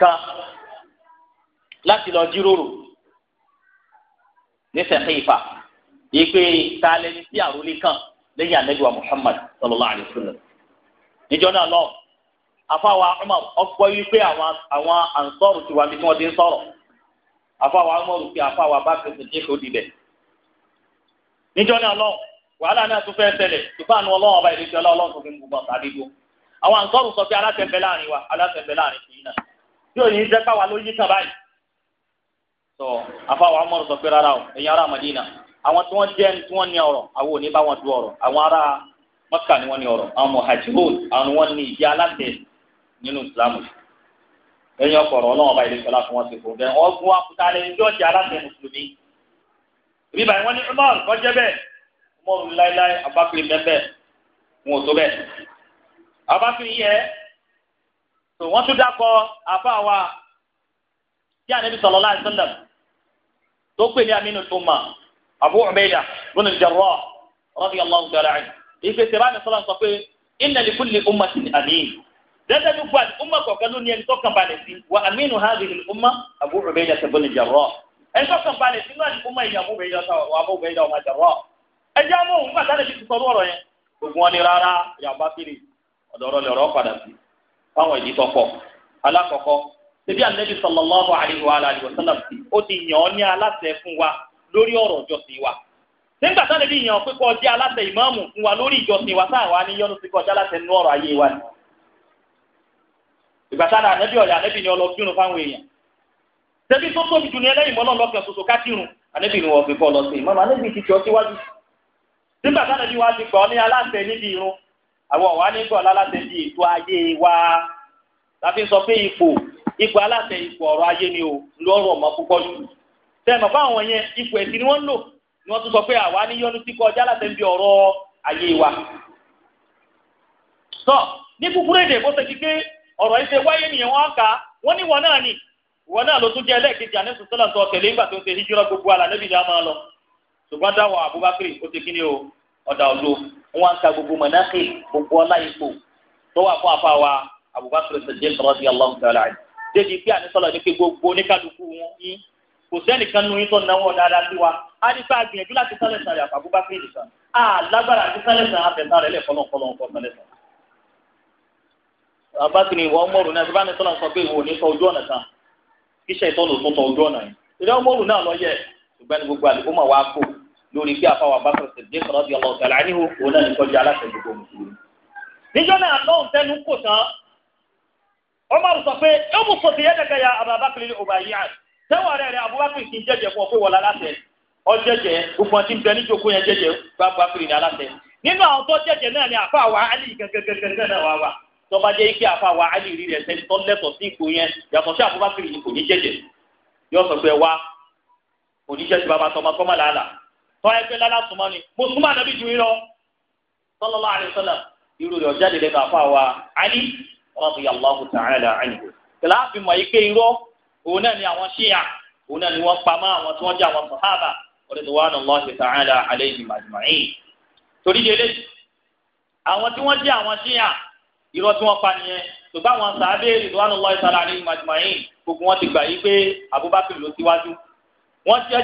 kan láti lọ jíròrò ní sẹ̀kìfà yìí pé ta lẹni tí àròlé kan lẹ́yìn Muhammad sallallahu alayhi wa sallam náà lọ afáwa Umar ọgbọ́ yìí pé àwọn ànsọ́rù ti wà nínú ọdún sọ̀rọ̀ afáwa Umar pé afáwa bá fèsì ní kò dìbẹ̀ níjọ́ náà lọ wàhálà náà tún fẹ́ ṣùgbọ́n àwọn ọlọ́wọ́n ọba ọlọ́wọ́ tó fi ń gbọ́ àwọn ànsọ́rù sọ pé tí ò ní jẹ́ káwa ló yí kan báyìí. sọ afáwọn amọ̀rọ̀ sọ pé rárá o ẹ̀yin ará Madina àwọn tí wọ́n jẹ́ tí wọ́n ní ọ̀rọ̀ àwọn ò ní bá wọn du ọ̀rọ̀ àwọn ará Mọ́kà ni wọ́n ní ọ̀rọ̀ àwọn muhajirun àwọn wọn ní ìdí aláṣẹ nínú Islam ẹ̀yin ọkọ̀rọ̀ ọlọ́wọ́n báyìí lẹ́sọ̀lá fún wọn ti kò gẹ́ wọ́n gún akúta lẹ́yìn tí wọ́n jẹ́ aláṣẹ mùsùlùmí rí báyìí wọ́n ní Umar kọjá bẹ́ẹ̀ Umar láíláí abákiri bẹ́ẹ̀ wọn ò tó bẹ́ẹ̀ abákiri yẹ tó wọ́n tún dákọ̀ àfa wa tí Ànábì sallallahu alaihi wasallam tó pè ní aminu tuma Abu Ubaydah ibn al-Jarrah radiyallahu ta'ala anhu ìpè sèrè àmì sọlá sọ pé inna li kulli ummatin amin dẹ́dẹ́ ní gbà umma kọ̀ọ̀kan ló ní ẹni tó kàn balẹ̀ sí wa aminu hadhihi al-umma Abu Ubaydah ibn al-Jarrah ẹni tó kàn balẹ̀ sí náà ní umma yìí Abu Ubaydah wà Abu Ubaydah ọmọ Jarrah ẹjẹ́ amóhùn gbàtà lè fi sọ ọ̀rọ̀ yẹn gbogbo wọn ni rárá yàgbá kiri ọ̀dọ̀ ọ̀rọ̀ padà sí fáwọn ìdí tọpọ alákọ̀ọ́kọ́ ṣebí anabi sallallahu alayhi n'ọnụ alayhi ala sallam ó ti yàn ọ́ ní aláṣẹ fún wa lórí ọ̀rọ̀ ìjọsìn wa nígbà tá lè yàn pé kó aláṣẹ fún wa lórí ìjọsìn wa sáà ní yọnu sí wa ni ìgbà tá anabi fáwọn èèyàn ṣebí tó tóbi jù ní ẹlẹ́yìn mọ́lọ́ anabi ni wọ́n fi kọ́ lọ ti àwọn ọ̀wá nígbà láláṣẹ di ètò ayé wa láfi sọ pé ipò ipò aláṣẹ ipò ọ̀rọ̀ ayé ni o lọ́rùn ọ̀mọ́ púpọ̀ jù tẹ́ẹ̀mọ̀ bá àwọn yẹn ipò ẹ̀sìn ni wọ́n ń lò ni wọ́n tún sọ pé àwa níyọnu tí kọjá aláṣẹ ń bi ọ̀rọ̀ ayé wa. sọ ní kúkúrú èdè bó ṣe ti gbé ọ̀rọ̀ yìí wáyé nìyẹn wọ́n kà wọ́n ní wọn náà ni wọn náà ló tún jẹ́ ẹlẹ́ẹ̀kejì àníṣe sọ́lá tó ọ̀tẹ̀lé ńgbà tó ṣe hijira gbogbo alànẹ́bí ni a máa lọ ṣùgbọ́n dáwọ̀ Abubakar ó ti kí ni o ọ̀dà ọ̀dọ́ wọn ń ka gbogbo mọ̀nàkì gbogbo ọlá ipò tó wà fún afa wa Abubakar Siddiq radiyallahu ta'ala anhu débi pé ànísọ̀lọ̀ ní pé gbogbo oníkàlùkù wọn yín kò sẹ́nìkan nu yín tó náwó dáadáa sí wa á ní bá a gbìyànjú láti sálẹ̀ sàn yàtọ̀ Abubakar nìkan á lágbára àti sálẹ̀ sàn àfẹ̀sán rẹ̀ lẹ̀ fọlọ́nkọlọ́nkọ sálẹ̀ sàn. Abubakar ni wọ́n mọ̀rún náà síbáni sọ́nà sọ pé ìwọ ò ní sọ ojú ọ̀nà kan kíṣẹ́ ìtọ́nù tó tọ ojú ọ̀nà yìí lórí bí afáwọn abáfẹ́ sèdè sọ̀rọ̀ di ọlọ́wọ́ tẹ̀lé àníhó òun náà nìkọ́jú aláṣẹ gbogbo mùsùlùmí. níjọ́ náà lọ́hùn tẹnu kò tán Umar sọ pé ẹ̀mú sọ̀tì yẹn dẹ̀kẹ́ ya Abubakar ní ọba yìí àn tẹ́wọ̀ rẹ̀ rẹ̀ Abubakar kì í jẹ́jẹ́ fún ọ pé wọ́n láláṣẹ ọjẹ́jẹ́ gbogbo ọtí bẹ níjókòó yẹn jẹ́jẹ́ Abubakar ní aláṣẹ nínú àwọn tó jẹ́jẹ́ náà ni àfa wa Ali gẹ́gẹ́gẹ́gẹ́ náà wà wà tọ́ba jẹ́ ike àfa wa Ali rí rẹ̀ sẹ́ni tó lẹ́tọ̀ọ́ sí ipò yẹn yàtọ̀ sí Abubakar ní kò ní jẹ́jẹ́ yọ sọ pé wa oníṣẹ́ ti bàbá tọmọ tọmọ làálàá tọ́wọ́ ẹgbẹ́ lálásùmọ́ ni mo súnmọ́ ànábì ju yín lọ sallallahu alaihi wasallam irú rẹ̀ ọ̀jáde lẹ́nu àfa wa Ali radiyallahu ta'ala anhu kìláàfin mọ̀ yìí pé irọ́ òun náà ni àwọn ṣíyà òun náà ni wọ́n pamọ́ àwọn tí wọ́n jẹ́ àwọn sàhábà radiyallahu ta'ala alaihim ajma'in torí délé àwọn tí wọ́n jẹ́ àwọn ṣíyà irọ́ tí wọ́n pa nìyẹn ṣùgbọ́n àwọn sàábé radiyallahu wọn ti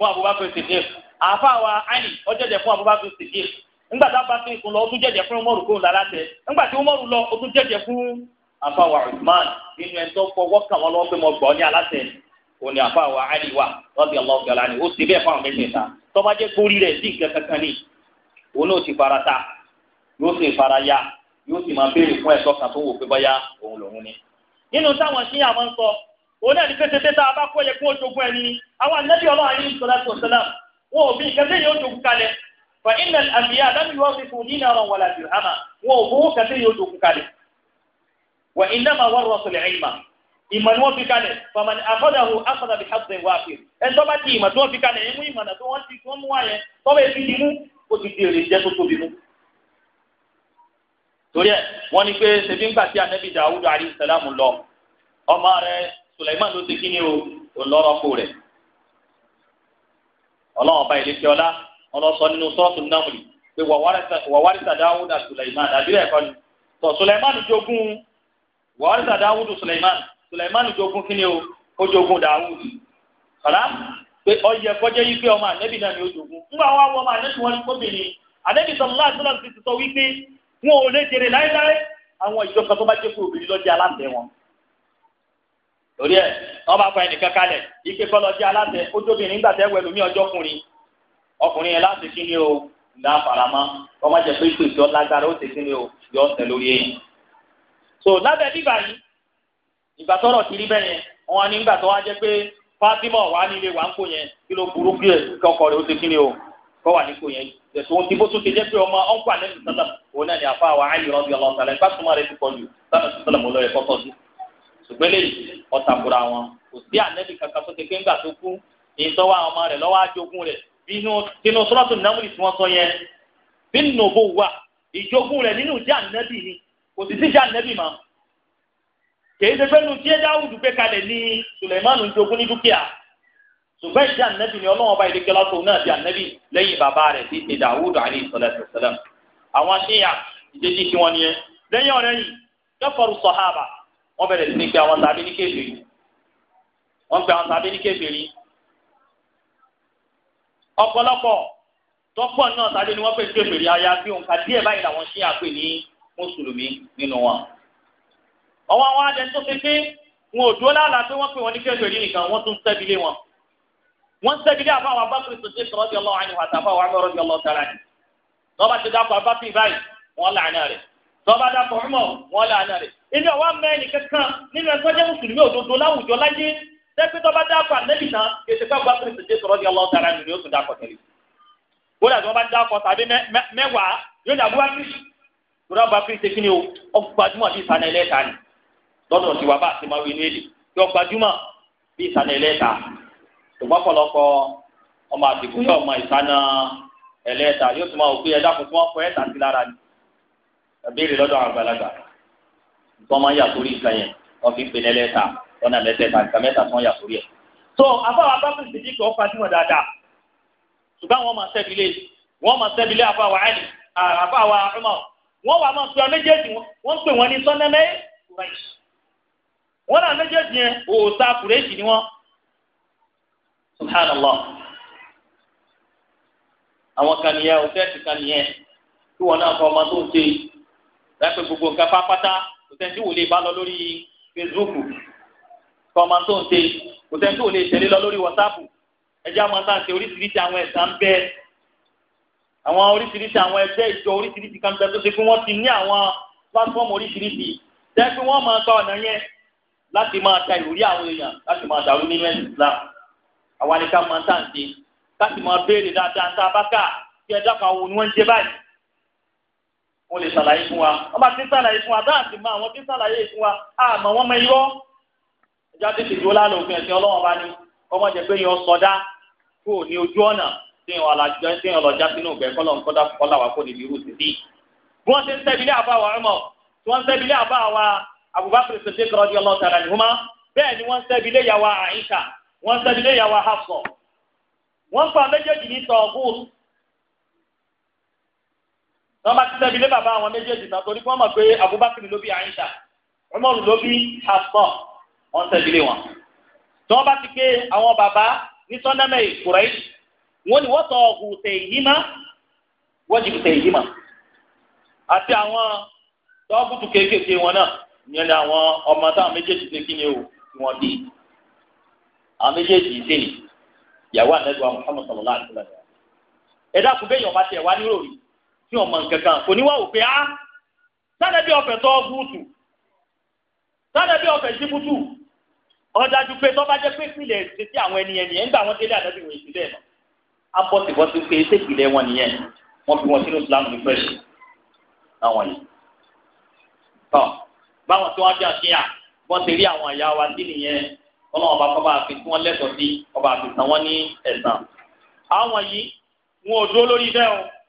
fún Abubakar Siddiq àáfàá wa Ali ó jẹ́jẹ́ fún Abubakar Siddiq ńgbà tá a bá fi kun lọ ó tún jẹ́jẹ́ fún Umaru kó lára tẹ ńgbà tí Umaru lọ ó tún fún afọ wa Usman nínú ẹni pé mo ní òní wa wa ni ó ti kankan ni òun náà ti fara ta yóò sì fara ya yóò sì máa béèrè fún ẹ̀tọ́ kan wò pé òun ni nínú táwọn òun náà ní pé tètè tá a bá kọ́ yẹ kí wọ́n jogún ẹni ni àwọn ànábì ọlọ́run àyè ìṣọ̀lá tó sẹ́lá wọn ò bí nǹkan tẹ́ yóò jogún kalẹ̀ fa iná àbíyá lábí wọ́n fi fún nínú kan kalẹ̀ iná máa wọ́n ìmọ̀ ni salam lọ ọmọ rẹ Sulaiman ló ti kí ni o olórọ́pò rẹ̀ ọlọ́run ọba ìlẹ́kẹ́ ọlá ọlọ́sọ nínú sọ́ọ̀tù námùlì pé wàwárìsà dáwúdà Sulaiman àbílẹ̀ ẹ̀kọ́ ni tọ́ Sulaiman jogún wàwárìsà dáwúdù Sulaiman Sulaiman jogún kí ni o ó jogún dáwúdù kọ́lá pé ọyẹ kọjá yìí pé ọmọ ànẹ́bí náà ni ó jogún ńgbà wá wọ ọmọ ànẹ́bí wọn ni kóbìnrin ànẹ́bí sọlá àtúnlá ti sọ wípé wọn ò lè jèrè láéláé àwọn ìjọ kan tó bá jẹ́ pé obìnrin ló jẹ́ aláṣẹ wọn. torí ẹ wọn bá fa ẹnìkan ike kọlọ sí aláṣẹ ojóbìnrin nígbà tẹ wẹlú mi ọjọ́ ọkùnrin yẹn láti kí ni o ńlá farama wọn má jẹ pé ìpè ìjọ lágbára ó ti kí ni o yọ ọsẹ lórí so lábẹ́ bíbá yìí ìgbà tọrọ kiri bẹ́ẹ̀ yẹn wọn ní ìgbà tó wá jẹ pé Fatima wà nílé wà ń kó kọkọ rẹ ó ti kí ni o wà ní yẹn ohun tí bó tún ti pé ọmọ òun náà ṣùgbọ́n eléyìí ọ̀tàkùrà wọn kò sí ànẹ́bì kankan tó ti pé ńgbà tó kú ìtọ́wọ́ àwọn ọmọ rẹ̀ lọ́wọ́ àjogún rẹ̀ bínú sọ́lọ́tò nàmúlì tí wọ́n sọ yẹn bínú bó wà ìjogún rẹ̀ nínú jẹ́ ànẹ́bì ni kò sì sí jẹ́ mọ́ kèé ṣe pé nu tí Dáúdù gbé kalẹ̀ ní Sùlẹ̀mánù jogún ní dúkìá ṣùgbọ́n ìjẹ́ ànẹ́bì ni ọlọ́wọ́n bá ilé kẹlá tóun náà di ànẹ́bì lẹ́yìn bàbá wọ́n bẹ̀rẹ̀ sí ní pé àwọn tàbí ní kébèrè wọ́n pe àwọn tàbí ní kébèrè ọ̀pọ̀lọpọ̀ tọ́pọ̀ náà tàbí ni wọ́n pè ní kébèrè àyàfi òǹkà díẹ̀ báyìí làwọn ṣí àpè ní mùsùlùmí nínú wọn. ọwọ́ àwọn adẹ tó ṣe pé wọn ò dúró lálàá pé wọ́n pè wọ́n ní kébèrè nìkan wọ́n tún sẹ́bílé wọn. wọ́n sẹ́bílé àbáwọn abákùnrin tó ṣe sọ̀rọ̀ bí ọlọ́run àyìnbó àtàwọn àwọn amẹ́rọ̀ bí ọlọ́run tààrà ni. lọ́ba ti dákọ̀ abákùnrin báyìí wọ́n láàánú rẹ̀ tọ́ba dàpọ̀ ọmọ wọn làánà rẹ̀ ilé ọwọ́ mẹ́rin kankan nínú ẹ̀sọ́ jẹ́ mùsùlùmí òdodo láwùjọ láyé tẹ́pẹ́ tọ́ba dàpọ̀ ànẹ́bì náà kéde ká gba pèrè tètè sọ̀rọ̀ ní ọlọ́run tara nìyẹn oṣù dàpọ̀ tẹ̀lé kódà tí wọ́n bá dàpọ̀ tàbí mẹ́wàá yóò dàbí wá kí kódà bá pèrè tèkí ni o ọgbàdúmọ̀ bí ìsànà ẹlẹ́ta ni lọ́dọ̀ tí wà bá àti máa wí ní èlì tí ọgbàdúmọ̀ bí ìsànà ẹlẹ́ta ṣùgbọ́n pọ̀lọpọ̀ ọmọ àtìkú yóò mọ ìsànà ẹlẹ́ta yóò tún máa wò pé ẹ̀dá kò tún wọ́n kọ ẹ̀ta sí lára ni àbẹ̀rẹ̀ lọ́dọ̀ àwọn àgbàlagbà nǹkan máa ń yà sórí nǹkan yẹn wọ́n fi ń pinnu ẹlẹ́ta lọ́nà mẹ́tẹ̀ẹ̀ta nǹkan mẹ́ta tí wọ́n yà sórí ẹ̀. tó àfáwọn abáfẹ́ ìdíjì kò fa tiwọn dáadáa ṣùgbọ́n wọ́n máa sẹ́bilé wọ́n máa sẹ́bilé àfáwà ẹ̀lì àfáwà ọmọ wọ́n wà máa sọ méjèèjì wọ́n pè wọ́n ní sọ́nẹ́mẹ́ kùrẹ́ṣì wọ́n náà méjèèjì yẹn òòsa kùrẹ́ṣì ni wọ́n. subhanallah àwọn kan nìyẹn òfẹ́ẹ̀sì kan nìyẹn tí wọ́n náà fọ ọmọ tó ń ṣe yìí lẹ́pẹ́ gbogbo nǹkan pápátá kò sẹ́ńtì wò lè bá lọ lórí Facebook kọ́mọ tó ń ṣe kò sẹ́ńtì wò lè tẹ̀lé lọ lórí WhatsApp ẹjẹ́ àwọn tá à ń ṣe oríṣiríṣi àwọn ẹ̀sán ń bẹ àwọn oríṣiríṣi àwọn ẹgbẹ́ ìjọ oríṣiríṣi kan bẹ tó ṣe pé wọ́n ti ní àwọn platform oríṣiríṣi jẹ́ pé wọ́n máa gba ọ̀nà yẹn láti máa ta ìròrí àwọn èèyàn láti máa dàrú nínú ẹ̀sìn Islam àwa ni máa tà ń ṣe láti máa béèrè dáadáa tá a bá kí ẹ dákàá wo ni wọ́n ń jẹ báyìí wọn lè ṣàlàyé fún wa wọn bá ti ṣàlàyé fún wa dáàtì mọ àwọn tí ṣàlàyé fún wa àmọ́ wọn mọ irọ́ ìjà tètè dúró lálẹ́ òfin ẹ̀sìn Ọlọ́run bá ní ọmọ jẹ pé yan sọdá kó ní ojú ọ̀nà téèyàn alájọ téèyàn lọ já sínú ìgbẹ́ kọ́lọ̀ ńkọ́dá kọ́lá wa kó níbi irú sí sí. bí wọ́n ti ń tẹ́bi ilé àbá wa ọmọ tí wọ́n ń tẹ́bi ilé àbá wa Abubakar Siddiq radiyallahu ta'ala anhuma bẹ́ẹ̀ ni wọ́n ń tẹ́bi yàwá Aisha wọ́n ń tẹ́bi yàwá Hafsa wọ́n pa méjèèjì ní tọ́gùn wọ́n bá ti tẹ́bi lé bàbá àwọn méjèèjì tán torí wọ́n mọ̀ pé Abubakar ló bí Aisha Umar ló bí Hafsa wọ́n tẹ́bi lé wọn. tí wọ́n bá ti gbé àwọn bàbá ní sọ́nẹ́mẹ̀ ìkùrẹ́ wọ́n ní wọ́n tọ̀ ọ̀gùntẹ̀ ìyímá wọ́n jì kùtẹ̀ ìyímá àti àwọn tọ́gùtù kéékèèké wọn náà ìyẹn ni àwọn ọmọ táwọn méjèèjì ṣe kí ni o tí wọ́n bí àwọn méjèèjì ṣe ìyàwó àlejò àwọn Muhammad sallallahu alaihi wasallam ẹ̀dá kùbẹ́yìn ọba tiẹ̀ wá nírò rí tí ọmọ nkankan kò ní wá wò pé á ah, sádẹ́bí ọ̀fẹ́ tọ́ búùtù sádẹ́bí ọ̀fẹ́ jíbútù ọ̀dájú pé tọ́ bá jẹ́ pé ìpìlẹ̀ ṣe sí àwọn ẹni ẹni ẹ̀ ń gbà wọ́n délé àdájú ìwé ìpìlẹ̀ náà abọ́sibọ́sí pé ṣé ìpìlẹ̀ wọn nìyẹn wọ́n fi wọn sínú Islam ní fẹ́ẹ̀ṣì àwọn yìí. tọ́ báwọn tí wọ́n fi àṣeyà wọ́n ti rí àwọn àyà wa sí nìyẹn ọlọ́run ọba kọ́ bá fi tí lẹ́tọ̀ọ́ sí ọba àfihàn wọn ní ẹ̀sán. àwọn yìí wọn ò dúró lórí bẹ́ẹ̀ o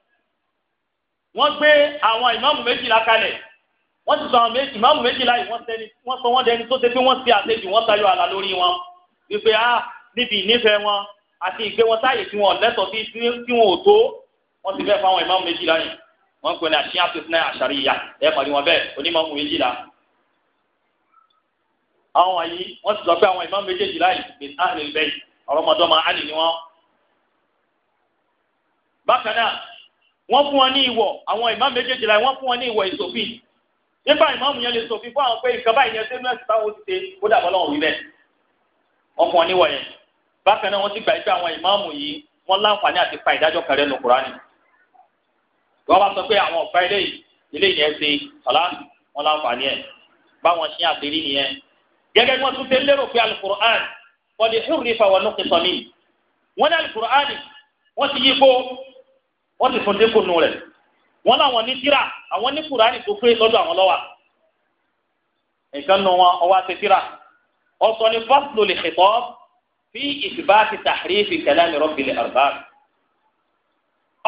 wọ́n gbé àwọn ìmáàmù méjìlá kalẹ̀ wọ́n ti sọ àwọn ìmáàmù méjìlá yìí wọ́n sọ wọ́n dẹni tó ṣe pé wọ́n ṣe àṣejù wọ́n tayọ àlà lórí wọn wípé a níbi ìnífẹ̀ẹ́ wọn àti ìgbé wọn sáàyè tí wọn lẹ́tọ̀ọ́ sí tí wọn ò tó wọ́n ti fẹ́ fáwọn ìmáàmù méjìlá yìí wọ́n pè ní àṣìyàn àti sinai àṣàrí ìyá ẹ pàdé wọn bẹ́ẹ̀ onímọ̀mù méjìlá àwọn wọ̀nyí wọ́n ti sọ pé àwọn ìmáàmù méjèèjìlá yìí àhìlẹ̀ bẹ́ẹ̀ ọ̀rọ̀mọdọ́mọ àlè ni wọ́n. bákan náà wọ́n fún wọn ní ìwọ̀ àwọn ìmáàmù méjèèjì láì wọ́n fún wọn ní ìwọ̀ ìsòfin nígbà ìmáàmù yẹn lè sòfin fún àwọn pé nǹkan báyìí yẹn sẹ́nu ẹ̀sìn táwọn ti ṣe ó dàbọ̀ lọ́wọ́ wí bẹ́ẹ̀ wọ́n fún wọn ní ìwọ̀ yẹn bákan náà wọ́n ti gbà pé àwọn ìmáàmù yìí wọ́n láǹfààní àti fa ìdájọ́ kan rẹ̀ nù Kùránì wọ́n bá sọ pé àwọn ọ̀fà ilé ilé yẹn ṣe sọ̀lá wọn láǹfààní ẹ̀ báwọn ṣe àṣírí nìyẹn gẹ́gẹ́ wọ́n sì fún dínkù nù rẹ̀ wọ́n láwọn ní tíra àwọn ní kùránì tó pé lọ́dọ̀ àwọn lọ́wà nǹkan nù wọn ọwọ́ àti tíra ọ̀sọ̀ ni fásitì lè ṣètọ́ fi ìfìbáàtì tàhírífì kalami rabbil arbab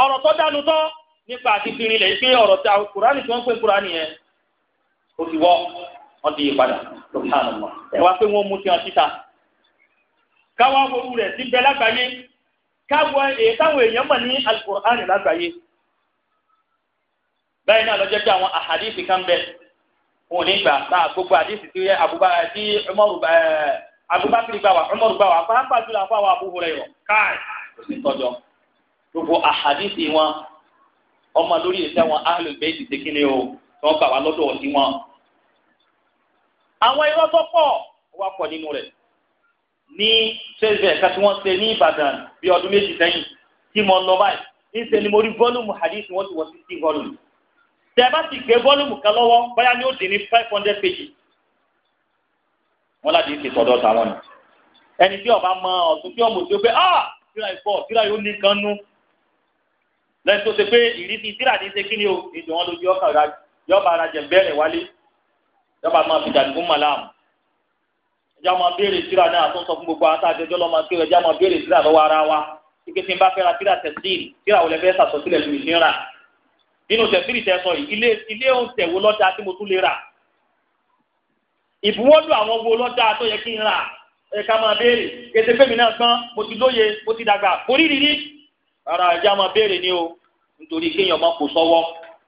ọ̀rọ̀ tó dánu tọ́ nípa àti fìrin lè gbé ọ̀rọ̀ tí àwọn kùránì tí wọ́n pè kùránì yẹn ó ti wọ́ wọ́n ti yí padà subhanallah ẹ̀ wá pé wọ́n mú ti hàn síta káwá wo rẹ̀ káwọn èyí e èèyàn mọ̀ ní alukur'an lágbàáyé báyìí náà lọ́jọ́ pé àwọn àhàdìsì kan bẹ̀ òun na agogo, a gbogbo àdìsì tí Abubakar tí Umaru Abubakar gbà wá Umaru gbà wá pàápàá jùlọ àwọn káì kò sí gbogbo wọn ọmọ lórí wọn o tí gbà wọn. àwọn irọ́ tó pọ̀ wá pọ̀ nínú ní tẹ́lifẹ̀ ká tí wọ́n ṣe ní Ìbàdàn bí ọdún méjì sẹ́yìn tí mo lọ báyìí níṣẹ́ ni mo rí fọ́lùmù hadith wọ́n ti wọ́n sí sí fọ́lùmù. tẹ́ ẹ bá ti gbé fọ́lùmù kan lọ́wọ́ báyà ni ó dín ní five hundred pages. wọ́n láti ṣe tọ́dọ̀ táwọn ni. ẹni tí ọba mọ ọ̀tún tí ọmọ òṣèlú pé ah tíra ìfọ̀ tíra yóò ní kan nú. lẹ́yìn tó ṣe pé ìrísí tíra ní ṣe kí ni o èdè wọn lójú ọkà yọba ara jẹ bẹ́ẹ̀rẹ̀ wálé yọba máa fi dàdúgbò jáma béèrè síra náà tó ń sọ fún gbogbo àwọn àtàjọjọ lọ́mọ kí wọ́n jáma béèrè síra lọ́wọ́ ara wa ike tí n bá fẹ́ ra síra tẹ̀síìn síra wọlé fẹ́ sàtọ́sílẹ̀ lómi ní ra nínú tẹ̀síìrì tẹ sọ yìí ilé ilé oúnjẹ wo lọ́dà tí mo tún lè rà ìbúwọ́dù àwọn wo lọ́dà tó yẹ kí n rà ẹ ká máa béèrè ètè fẹ́mi náà gbọ́n mo ti lóye mo ti dàgbà borí rírí rárá ẹ béèrè ni o nítorí kéèyàn máa kò sọ́wọ́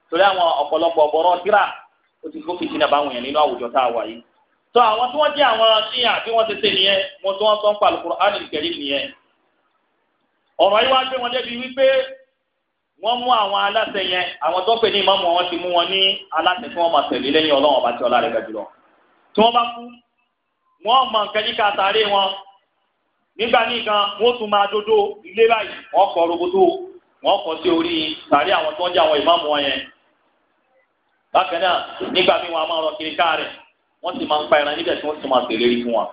torí àwọn ọ̀pọ̀lọpọ̀ ọ̀bọ̀rọ̀ síra ó ti kó tó àwọn tí wọ́n jẹ́ àwọn ṣíyàn tí wọ́n ti ṣe nìyẹn mo tí wọ́n sọ ń pa Al-Qur'an al-Karim nìyẹn ọ̀rọ̀ yìí wá gbé wọn débi wípé wọ́n mú àwọn aláṣẹ yẹn àwọn tó ń pè ní ìmáàmù wọn ti mú wọn ní aláṣẹ tí wọ́n máa tẹ̀lé lẹ́yìn Ọlọ́run ọba tí ọlá rẹ̀ ga jùlọ tí wọ́n bá kú wọ́n mọ nǹkan yíká sáré wọn nígbà míì gan wọ́n tún máa dodo ilé báyìí wọ́n kọ roboto wọ́n kọ sí orí sáré àwọn tó ń jẹ́ àwọn ìmáàmù wọn yẹn bákan náà nígbà míì wọn máa rọ kiri káà rẹ̀ wọ́n sì máa ń pa ẹran níbẹ̀ tí wọ́n sì máa tẹ̀lé rí fún wa.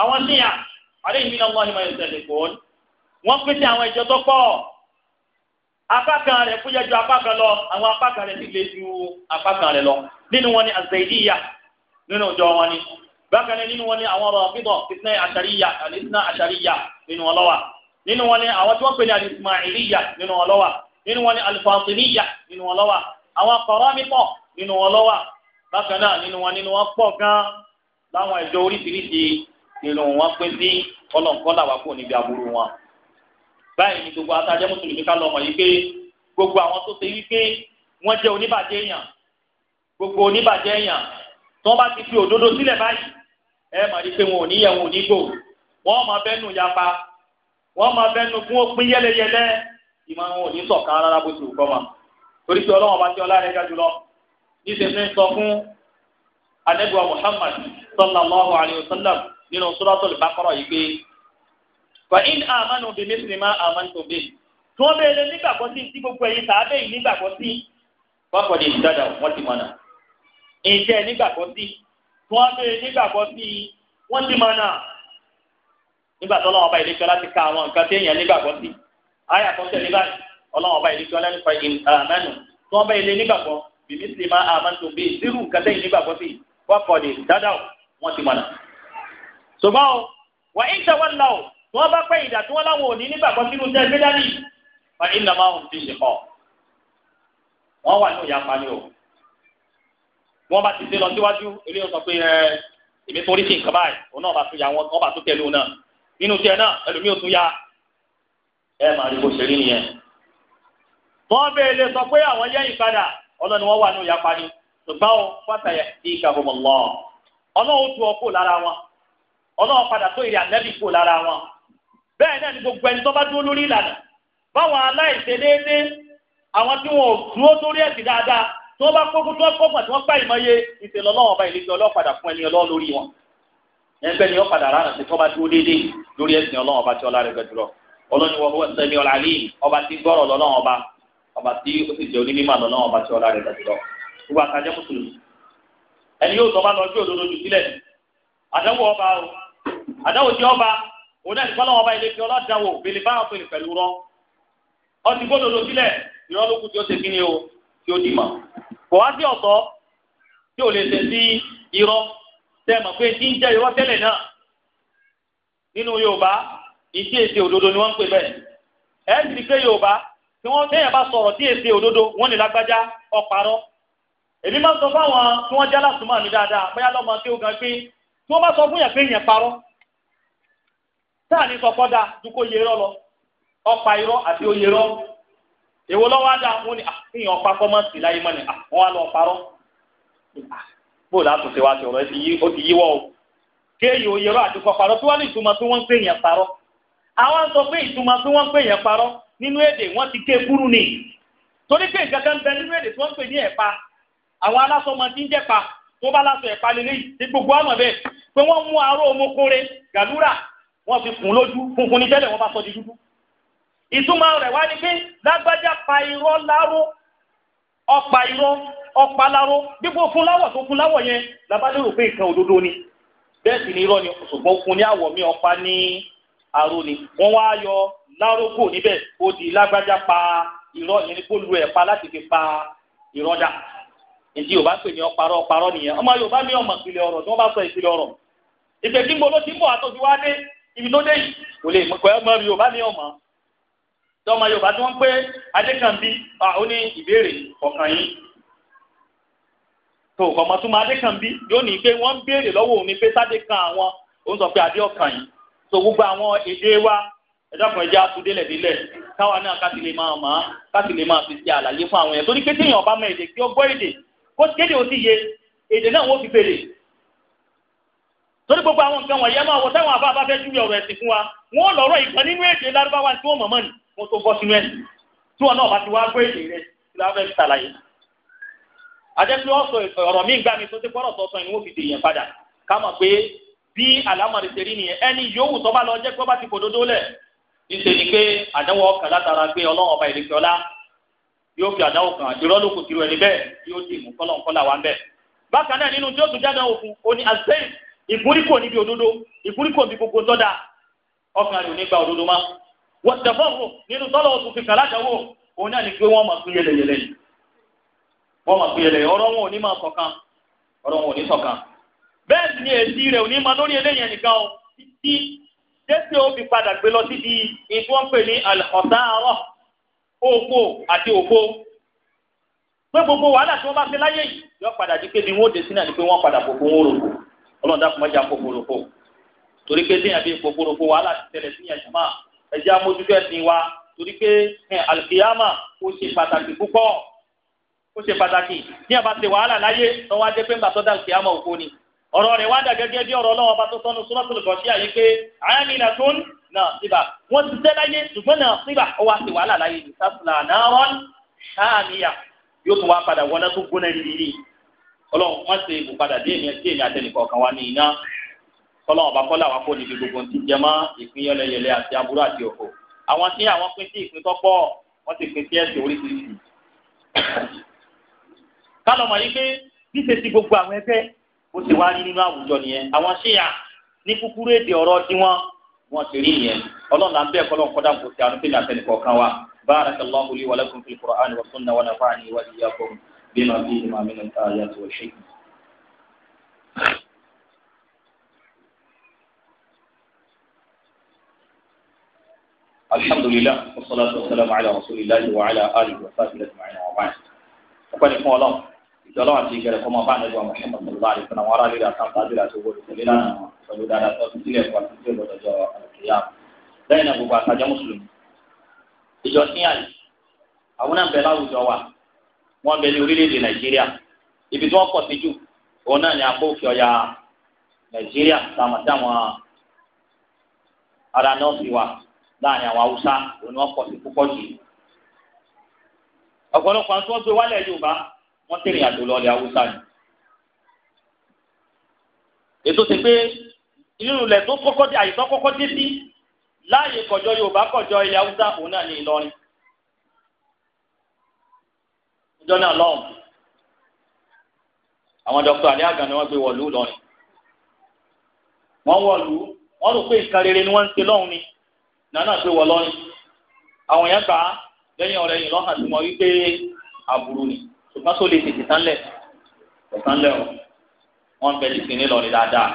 àwọn síyà àlẹ́ ìmí náà wọ́n ní máa ń tẹ̀lé kó wọ́n pín sí àwọn ìjọ tó pọ̀ apá kan rẹ̀ fúyẹ́ ju apá kan lọ àwọn apá rẹ̀ sì le ju apá rẹ̀ lọ nínú wọn ni azaidiya nínú ìjọ wọn ni bákan náà nínú wọn ni àwọn rọ̀bìdọ̀ ìtìná àṣàríyà àlìsínà àṣàríyà nínú wọn lọ́wà nínú wọn ni àwọn tí wọ́n pè ní alìsímáìlìyà nínú wọn lọ́wà nínú wọn ni alifasiliya nínú wọn lọ́wà àwọn kọ̀rọ̀mìpọ̀ nínú wọn lọ́wà bákan náà nínú wọn nínú wọn pọ̀ gan láwọn ẹjọ́ oríṣiríṣi irun wọn pé sí kọlọńkọlà wà kó níbi aburú wọn báyìí ni gbogbo atajẹ mùsùlùmí ká lọmọ yìí pé gbogbo àwọn tó ṣe wípé wọn jẹ oníbàjẹ́ èèyàn gbogbo oníbàjẹ́ èèyàn tí wọn bá ti fi òdodo sílẹ̀ báyìí ẹ mà rí pé wọn ò ní yẹ wọn ò ní gbò wọn máa bẹnu yapa wọn máa bẹnu fún òpin yẹlẹyẹlẹ ìmọ̀ wọn ò ní ṣọ̀kan rárá bó ti wù kọ́ ma torí pé ọlọ́wọ́n bá ti ọlá rẹ̀ ga jùlọ níṣẹ́ fi ń sọ fún anẹ́gbẹ̀wá Muhammad sallallahu alayhi wa sallam nínú suratul Baqara yìí pé fa in amanu bi misli ma amantum bi tí wọ́n bẹ̀rẹ̀ nígbàgbọ́ sí tí gbogbo ẹ̀yin sàábẹ̀ yìí nígbàgbọ́ sí wọ́n ti mọ̀nà ìjẹ́ nígbàgbọ́ sí tí wọ́n bẹ̀rẹ̀ wọ́n ti mọ̀nà nígbà tó ọba láti ka àwọn nǹkan tí èèyàn bìbísì máa àmàtò bíi zírù nǹkan tẹ́yìn nígbàgbọ́ sí wọ́kọ̀dé dáadáa wọ́n ti mọ̀nà. ṣùgbọ́n o wà ń tẹ̀wọ́ ńlá o tí wọ́n bá pẹ́ ìdá tí wọ́n láwọn ò ní nígbàgbọ́ sínú tẹ́ gbé dání wà ń lọ máa ń fi ṣe kọ́. wọ́n wà ní òyà pani o. wọ́n bá ti ṣe lọ síwájú ilé wọn sọ pé ẹ èmi tó rí sí nǹkan báyìí òun náà bá tún ya wọn wọ́n bá tún tẹ̀lé òun náà nínú tiẹ̀ náà ẹlòmíì ò tún ya ẹ máa rí bó ṣe rí nìyẹn. wọ́n bẹ̀rẹ̀ sọ pé àwọn yẹ́yìn padà ọlọ́ni wọ́n wà ní òyà parí ṣùgbọ́n o fàtàyà ìkàhùmọ̀ lọ ọlọ́run tu ọkọ̀ lára wọn ọlọ́run padà tó ìrìn ànẹ́bí kò lára wọn bẹ́ẹ̀ náà ni gbogbo ẹni tó bá dúró lórí ìlànà báwọn aláìṣe déédéé àwọn tí wọn ò dúró lórí ẹ̀sìn dáadáa tí wọ́n bá kókó tó kọ́kọ́ tí wọ́n gbá ìmọ̀ye ìṣèlú ọlọ́run ọba ìlẹ́gbẹ́ ọba tí o sì jẹ́ onímọ̀ lọ́nà ọba tí ọlá rẹ̀ dàbí lọ gbogbo àtàjẹ́ mùsùlùmí ẹni yóò tọ́ bá lọ sí òdodo jù sílẹ̀ àdánwò ọba o àdánwò tí ọba òun náà nípa lọ́wọ́ ọba ilé fi ọlọ́dàwò bèlè bá àwọn pèlè pẹ̀lú rọ ọtí gbódodo sílẹ̀ ìrọ́lókù tí ó ṣe kíni o tí ó dìmọ̀ kò wá sí ọ̀tọ̀ tí ò lè ṣe sí irọ́ tẹ́ mọ̀ pé tí ń jẹ́ irọ́ tẹ́lẹ̀ náà nínú Yorùbá ìdí èsì òdodo ni wọ́n ń pè bẹ́ẹ̀ ẹ̀ ń dìde pé Yorùbá tí wọ́n tẹ́yìn bá sọ̀rọ̀ tí èsì òdodo wọ́n lè lágbájá ọ̀parọ́ èmi máa ń sọ fáwọn tí wọ́n jálá sùnmọ́ mi dáadáa bóyá lọ́mọ tí ó gan pé tí wọ́n bá sọ fún yẹn pé yẹn parọ́ táà ní sọpọ́ dáa yẹ lọ ọ̀pá irọ́ àti oyè irọ́ èwo lọ́wọ́ àfihàn láyé á lọ ó o kéèyàn àti tí wọ́n ní ah, ah, ah, ìtumọ̀ tí wọ́n ń pè yẹn sọ pé ìtumọ̀ tí wọ́n ń pè nínú èdè wọ́n ti ké kúrú ni torí pé nǹkan kan bẹ nínú èdè tí wọ́n ń pè ní ẹ̀pa àwọn alásọmọ tí ń jẹ́pa tó bá lásọ ẹ̀pa lélẹ́ yìí ní gbogbo àmọ̀ bẹ́ẹ̀ pé wọ́n mú aró omokore gàlúrà wọ́n fi kùn lójú funfun ní tẹ́lẹ̀ wọ́n bá sọ di dúdú ìtumọ̀ rẹ̀ wá ni pé lágbájá pa irọ́ láró ọ̀pá irọ́ ọ̀pá láró dípò fún láwọ̀ tó fún láwọ̀ yẹn làbálẹ̀ rò pé nǹkan òdodo ni bẹ́ẹ̀ sì ni irọ́ ni ṣùgbọ́n fún ní àwọ̀ mi ọ̀pá ní aró ni wọ́n wá yọ lárógò níbẹ̀ ó di lágbájá pa irọ́ yẹn ni kó lu ẹ̀ pa láti fi pa irọ́ dà èdè yorùbá pè ní ọparọ́ ọparọ́ nìyẹn ọmọ yorùbá ní ọmọ ìpìlẹ̀ ọ̀rọ̀ tí wọ́n bá sọ ìpìlẹ̀ ọ̀rọ̀ ìpè kí mo ló ti ń bọ̀ àtòjú wá dé ibi tó dé yìí kò lè mọ̀ ọmọ yorùbá ní ọmọ tí ọmọ yorùbá tí wọ́n pé adékànbí ó ní ìbéèrè ọ̀kan yìí tó ọmọ tó máa adékànbí yóò ní pé wọ́n ń béèrè lọ́wọ́ òun ni pé sádé kan àwọn òun sọ pé adé ọ̀kan yìí tó gbogbo àwọn èdè wa ẹjọ́ kan ẹjẹ́ atúndélẹ̀ délẹ̀ káwa náà ká ti lè máa mọ̀ án ká ti lè máa fi ṣe àlàyé fún àwọn yẹn torí pé téèyàn bá mọ èdè kí ó gbọ́ èdè kó kéde ó sì yé èdè náà wọ́n fi béèrè torí gbogbo àwọn nǹkan wọ̀nyí ẹ máa wọ táwọn àbá bá fẹ́ júwe ọ̀rọ̀ ẹ̀sìn fún wa wọ́n lọ́rọ̀ ìkan nínú èdè lárúbáwá tí wọ́n mọ̀mọ́ ni wọ́n tó bọ́ sínú ẹ̀sìn tí wọn náà bá ti wá gbé èdè rẹ níṣẹ́ ni pé àdánwò ọkàn látara pé ọlọ́run ọba ìrèké ọlá yóò fi àdánwò kan ìrọ́lùkù tìrú ẹni bẹ́ẹ̀ tí ó dì mú kọ́lọ̀ǹkọ́là wa ń bẹ̀. bákan náà nínú tí ó tún jáde òfin òní àzẹ́yìn ìgúnríkò níbi òdodo ìgúnríkò níbi gbogbo sọ́dà ọkàn rẹ̀ ò ní gba òdodo mọ́. wọ́n tẹ̀fọ́ wò nínú tọ́lọ̀ òtún fi látàwọ̀ òun náà ni pé wọ́n máa pín yẹlẹyẹlẹ yìí wọ́n máa pín yẹlẹyẹlẹ ni èsì rẹ̀ ò ní máa lórí tẹ́sí ó fi padà gbé lọ síbi ìtú wọn pè ní alìkọ̀sáàrọ̀ òfò àti òfò pé gbogbo wàhálà tí wọ́n bá fi láyé yìí yọ padà di pé bí wọ́n ó dé sí náà ni pé wọ́n padà fòfò wọn rògbò ọlọ́run dákun mọ́jà fòfò rògbò torí pé déyàn bíi fòfò rògbò wàhálà ti tẹ̀lẹ̀ sí yàtọ̀ máa ẹ̀jẹ̀ amójútó ẹ̀sìn wa torí pé alìkìyàmà ó ṣe pàtàkì púpọ̀ ó ṣe pàtàkì ní àbá ti wàhálà láyé tọ́wọ́ adé pé ńgbà tọ́da alìkìyàmà òfò ni ọ̀rọ̀ rẹ̀ wá dà gẹ́gẹ́ bí ọ̀rọ̀ ọlọ́wọ́ bá tó sọnù suratul Ghashiya yìí pé amilatun nasiba wọ́n ti tẹ́ láyé ṣùgbọ́n nasiba ó wá sí wàhálà láyé ní sásùlà náírà hàmìyà yóò tún wá padà wọlé tó gbóná nìyí ọlọ́run wọ́n ṣe ìbùpadà dé èmi dé èmi àtẹnìkọ̀ kan wá ní iná kọ́lọ́wọ́n bá kọ́lá wa kó níbi gbogbo ti jẹ mọ́ ìpín yẹlẹyẹlẹ àti aburú àti òfò àwọn tí àwọn pín sí ìpín tọ́pọ̀ wọ́n ti pín sí ẹ̀sìn oríṣiríṣi. kálọ̀ mọ̀ yí pé bí ṣe ti gbogbo àwọn ẹgbẹ́ ó sì wá rí nínú àwùjọ nìyẹn àwọn ṣíyà ní kúkúrú èdè ọ̀rọ̀ tiwọn wọn ti rí yẹn ọlọ́run là ń bẹ́ẹ̀ kọ́lọ́n kọ́dà kò sí àánú fẹ́mi kan wa barakallahu li wa lakum fil qur'ani wa sunna wa nafa'ani wa iyyakum bima fihi ma min al-ayati wa shay. alhamdulillah wa salatu wa salam ala rasulillahi wa ala alihi wa sahbihi ajma'in wa ba'd. ọ̀pẹ́ ni ìjọlọ́wọ́ àti ìgbẹ̀rẹ̀ kọ́mọ bá nílùú àwọn ọmọ ìlú àti ìfúnná wọn aráàlú àti àtàdé àti owó ìtẹ̀lé lánàá wọn pẹ̀lú dáadáa tó ti sílẹ̀ fún àti sílẹ̀ lọ́dọ̀jọ́ àlùkìyà lẹ́yìn náà gbogbo àtàjọ mùsùlùmí ìjọ sínyàlì àwọn náà ń bẹ láwùjọ wa wọ́n bẹ ní orílẹ̀-èdè nàìjíríà ibi tí wọ́n pọ̀ sí jù òun náà ni apó òkè ọ̀yà nàìjíríà táwọn ará nọ́ọ̀sì wa láàrin àwọn haúsá ọ̀pọ̀lọpọ̀ àti wọ́n gbé wálẹ̀ yorùbá wọ́n tẹ̀rìn àjò lọ́ọ̀lẹ̀ haúsá ni. ètò ti pé inú ilẹ̀ tó kọ́kọ́ dé àyè tó kọ́kọ́ dé sí láàyè kọjọ yorùbá kọjọ ilẹ̀ haúsá òun náà ní ìlọrin. ìjọ náà lọ́hùn àwọn dọ́kítọ̀ àdé àgàn ni wọ́n gbé wọ̀lú lọ́rin. wọ́n wọ̀lú wọ́n rò rere ni wọ́n ń ṣe lọ́hùn ni nànà gbé wọ̀ lọ́rin. àwọn yẹn gbà á lẹ́yìn ọ̀rẹ́ yìí lọ́hàn ṣùgbọ́n tó lè tètè tánlẹ̀ tánlẹ̀ o wọ́n bẹ̀rẹ̀ sí ní lọ́ọ̀rì dáadáa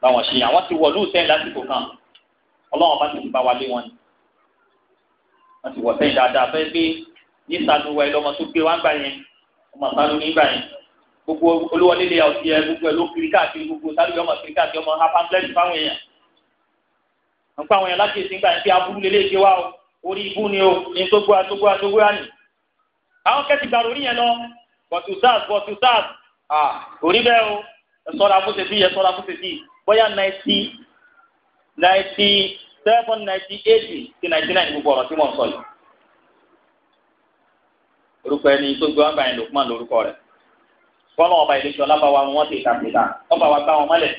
báwọn ṣe àwọn ti wọ̀lú sẹ́yìn lásìkò kan ọlọ́wọ́n bá ti ti bá wa lé wọn ni wọ́n ti wọ̀ sẹ́yìn dáadáa fẹ́ gbé ní sanuwa ẹlọmọ tó gbé wá gbà yẹn ọmọ sanu nígbà yẹn gbogbo olúwọlélẹ̀ ọtí ẹ gbogbo ẹ ló kiri káàkiri gbogbo sálùwẹ̀ ọmọ kiri káàkiri ọmọ hapamplet fáwọn èèyàn nǹkan àwọn èèyàn láti èsì nígbà yẹn pé aburú lélẹ́ẹ̀kẹ́ wa o orí ibú ni o ní tó gbóra tó gbóra tó gbóra nì àwọn kẹ́sì gbàrú níyẹn lọ bọ̀tù sars bọ̀tù sars òní bẹ́ẹ̀ o ẹ̀sọ́ra fún ṣètì ẹ̀sọ́ra fún ṣètì bóyá náìtì náìtì seven náìtì eighty sí náìtì náìtì gbogbo ọ̀rọ̀ tí wọ́n sọ yìí. orúkọ ẹni tó gbé wọn báyìí lókùnmá lórúkọ rẹ̀ kọ́nà ọba ìlẹ́sọ̀ lábáwá wọn ti ta pèta ọba wa gbá wọn mọ́lẹ̀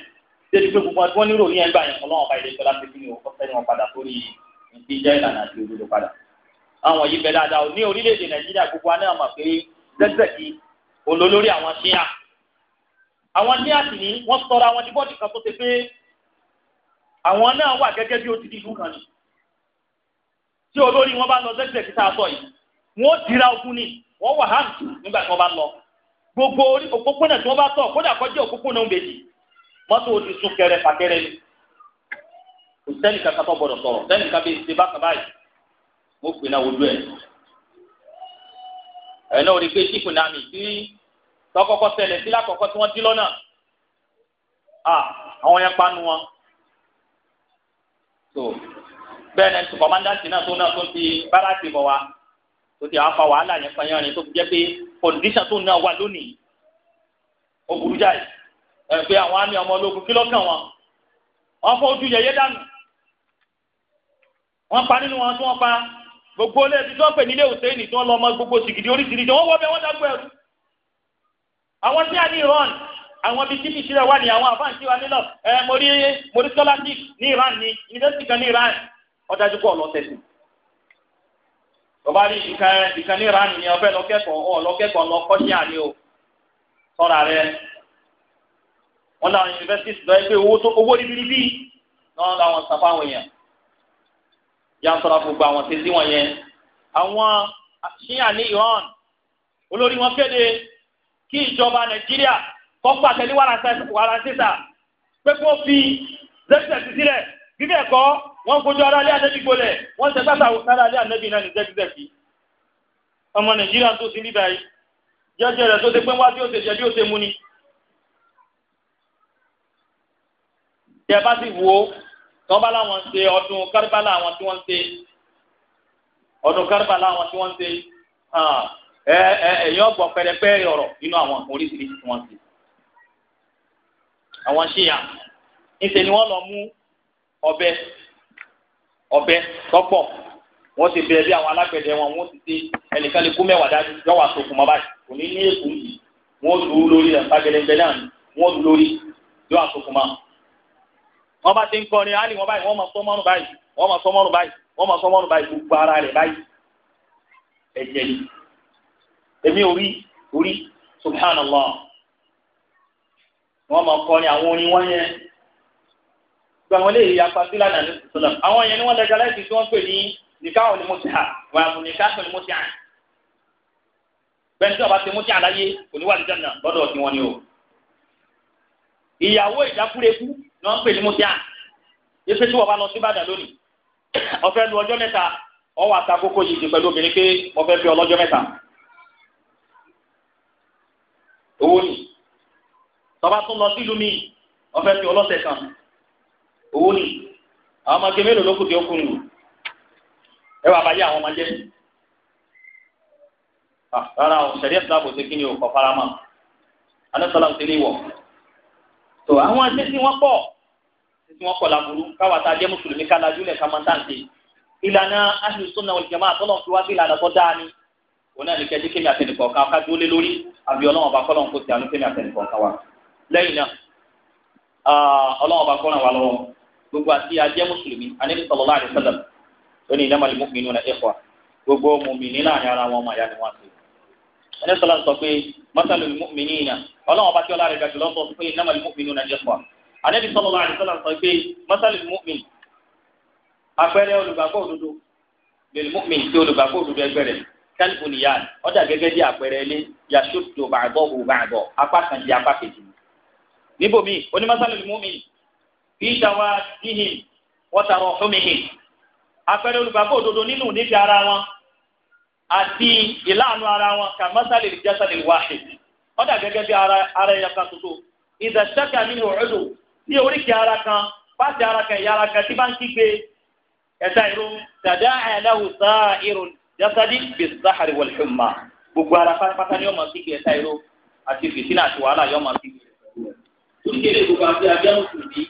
débi pé gbogbo wọn nírò ní ẹgbàá yẹn kọ́nà ọba ìlẹ́sọ̀ láti fi ní ọkọ̀ sẹ́ni wọn padà sórí ìdíjẹ́ ìlànà àti òdodo padà àwọn yìí bẹ dáadáa ní orílẹ̀-èdè nàìjíríà gbogbo wa náà mọ̀ pé zẹ́zẹ̀kì olólórí àwọn ṣíà àwọn ṣíà sì ni wọ́n sọra àwọn dibọ́dì kan tó ṣe pé àwọn náà wà gẹ́gẹ́ bí ó ti di ìlú kan ni tí olórí wọn bá lọ zẹ́zẹ̀kì tá a sọ yìí wọ́n dira ogun ni wọ́n wà hàn nígbà tí wọ́n bá lọ gbogbo orí òpópónà tí wọ́n bá tọ̀ kódà kọjá òpópónà ń bèjì mọ́tò ó ti sún kẹrẹ fàkẹrẹ ni kò sẹ́nìkan kan tó gbọdọ̀ sọ̀rọ̀ sẹ́nìkan bíi ṣe bákan báyìí mo fi náà wojú ẹ̀ ẹ̀ náà rí i pé tí tsunami tí tọkọkọ ṣẹlẹ̀ sí lákọ̀ọ́kọ́ tí wọ́n dí lọ́nà àwọn yẹn panu wọn so bẹ́ẹ̀ náà tí kọ̀mándáǹtì náà tó náà tó ti báràkì bọ̀ wá tó ti àwọn fa wàhálà yẹn fún yẹn rìn tó fi jẹ́ pé kọ̀ǹdíṣàn tó náà wà lónìí ó burú jáì ẹ̀ pé àwọn àmì ọmọ ológun kí lọ́kàn wọn wọ́n fọ́ ojú yẹyẹ dànù wọ́n pa nínú wọn tí wọ́n pa gbogbo ilé ẹbí tó ń pè nílé òsè ní tí wọ́n lọ mọ gbogbo sìgìdì oríṣiríṣi wọ́n wọ́ bẹ́ẹ̀ wọ́n dágbọ́ ẹ̀rú. àwọn tí a ní Iran àwọn bíi tíbi ìṣirẹ wà ní àwọn àfáàǹtí wa nílọ ẹ mo rí mo rí scholastic ní Iran ní yunifásitì kan ní Iran ọ̀dájú pọ̀ lọ́sẹ̀sìn bàbá rí ìkan ní ìran nìyẹn ọfẹ lọkẹkọọ ọ lọkẹkọọ lọ kọsí àní o ṣọ́ra rẹ wọn làwọn yunifásitì lọ ẹgbẹ owó ribiribi náà làwọn sàfà àwọn yàtọ̀ra gbogbo àwọn tẹ̀sí wọn yẹn àwọn ṣíà ní Iran olórí wọn kéde kí ìjọba Nàìjíríà kọ́ pàtẹ́lí wàràǹsẹ̀sà pé kó fi zẹ́kìtẹ̀sì sílẹ̀ bíbẹ̀ ẹ̀kọ́ wọ́n kojú ara alẹ́ ànẹ́bí gbolẹ̀ wọ́n ṣe gbàgbà sára alẹ́ ànẹ́bí náà ní zẹ́kìtẹ̀sì ọmọ Nàìjíríà tó ti bíbá yìí jẹjẹ rẹ tó ti pé wá bí ó ṣe jẹ bí ó ṣe mú ni. tẹ bá sì wò ó tọ́ba làwọn ń ṣe ọdún kárìbálà àwọn tí wọ́n ń ṣe ọdún kárìbálà àwọn tí wọ́n ń ṣe ah, ẹ ẹ ẹ̀yìn ọgbọ̀n pẹ̀rẹ̀pẹ̀rẹ̀ ọ̀rọ̀ nínú àwọn oríṣiríṣi tí wọ́n ṣe. àwọn ṣíyà ńṣe ni wọ́n lọ mú ọ̀bẹ ọ̀bẹ tọ́pọ̀ wọ́n ti bẹ̀rẹ̀ bí àwọn alágbẹ̀dẹ wọn wọ́n ti ṣe ẹnìkan lè kú mẹ́wàá dájú yọ̀wà sókun mọ́ báyìí kò ní ní èkó yìí wọ́n lù ú lórí ẹ̀ wọ́n bá ti ń kọrin áàlì wọn báyìí wọ́n máa sọ mọ́rùn báyìí wọ́n máa sọ mọ́rùn báyìí wọ́n máa sọ mọ́rùn báyìí gbogbo ara rẹ̀ báyìí ẹ̀jẹ̀ yìí èmi orí orí subhanallah wọ́n máa kọrin àwọn orin wọn yẹn gba àwọn eléyìí apàtí lánàá ní sọlọ àwọn yẹn ni wọ́n lẹga láti tí wọ́n pè ní nìkáwọn ni mo ti hà wàá mú nìkáwọn ni mo ti hà bẹ́ẹ̀ni tí wọ́n bá ti mo ti hà láyé oníwàlíjà náà lọ́dọ̀ tiwọn ni o ìyàwó ìdákúrekú ni wọ́n ń pè ní mọ́tíà yíṣẹ́ tí wọ́n bá lọ sí Ìbàdàn lónìí ọ̀fẹ́ lu ọjọ́ mẹ́ta ọwọ́ àtàkókò yìí ti pẹ̀lú obìnrin pé ọ̀fẹ́ fi ọlọ́jọ́ mẹ́ta owó ni tọ́ba tún lọ sílùú mi ọ̀fẹ́ fi ọlọ́sẹ̀ kan owó ni àwọn ọmọge mélòó ló kù tí ó kù nù ẹ wà báyé àwọn ọmọdé rárá o sẹ̀rí ẹ̀sìn àbòsí kí ni o kọ̀ fara mọ́ anásọ́lá ò ti rí wọ̀ tó àwọn ẹgbẹ́ tí wọ́n pọ̀ tí wọ́n kọ̀ làbúrú káwa tá a jẹ́ mùsùlùmí ká lajú lẹ̀ ká máa ń tàǹtì. ìlànà ahlu sunna wal jamaa àtọ́lọ́ fi wá sí ìlànà tó dáa ni òun náà ní kẹ́jú kémi àtẹnìkọ̀ ká ká dúró lé lórí àbí ọlọ́run ọba kọ́lọ́run kó ti àánú kémi àtẹnìkọ̀ ká wa. lẹ́yìn náà ah, ọlọ́run ọba kọ́ràn wa lọ́wọ́ gbogbo àti ajẹ́ mùsùlùmí Ànábì sallallahu alaihi wasallam ó ní innamal mu'minuna ikhwa gbogbo mùmìnì láàrin ara wọn máa yá ni wọ́n ti ẹni sọlá sọ pé masalul mu'minina ọlọ́run ọba tí ọlá rẹ̀ gàdúrà sọ pé innamal mu'minuna ikhwa anabi sallallahu alaihi wasallam sọ pé masalil mu'min àpẹẹrẹ olùgbàgbọ́ òdodo lil mu'min tí olùgbàgbọ́ òdodo ẹgbẹ́ rẹ̀ kálífù nìyá ó dà gẹ́gẹ́ bí àpẹẹrẹ ilé yasuddu ba'dahu ba'da apá kan di apá kejì níbòmí oní masalil mu'min fi tawaddihim wa tarahumihim àpẹẹrẹ olùgbàgbọ́ òdodo nínú níbi ara wọn àti ìlànà ara wọn kà masalil jasadil wahid ó dà gẹ́gẹ́ bí ara ẹ̀yà kan tuntun idha shaka minhu ní oríkì ara kan pàṣẹ ara kan ìyá ara kan tí bá ń kígbe ẹ̀ta ìró dàdá àyàdáwò sáà irun jásádì bèsè sáhàrì wal humma gbogbo ara pátápátá ni yóò máa kígbe ẹ̀ta ìró àti fìtínà àti wàhálà yóò máa kígbe. torí kí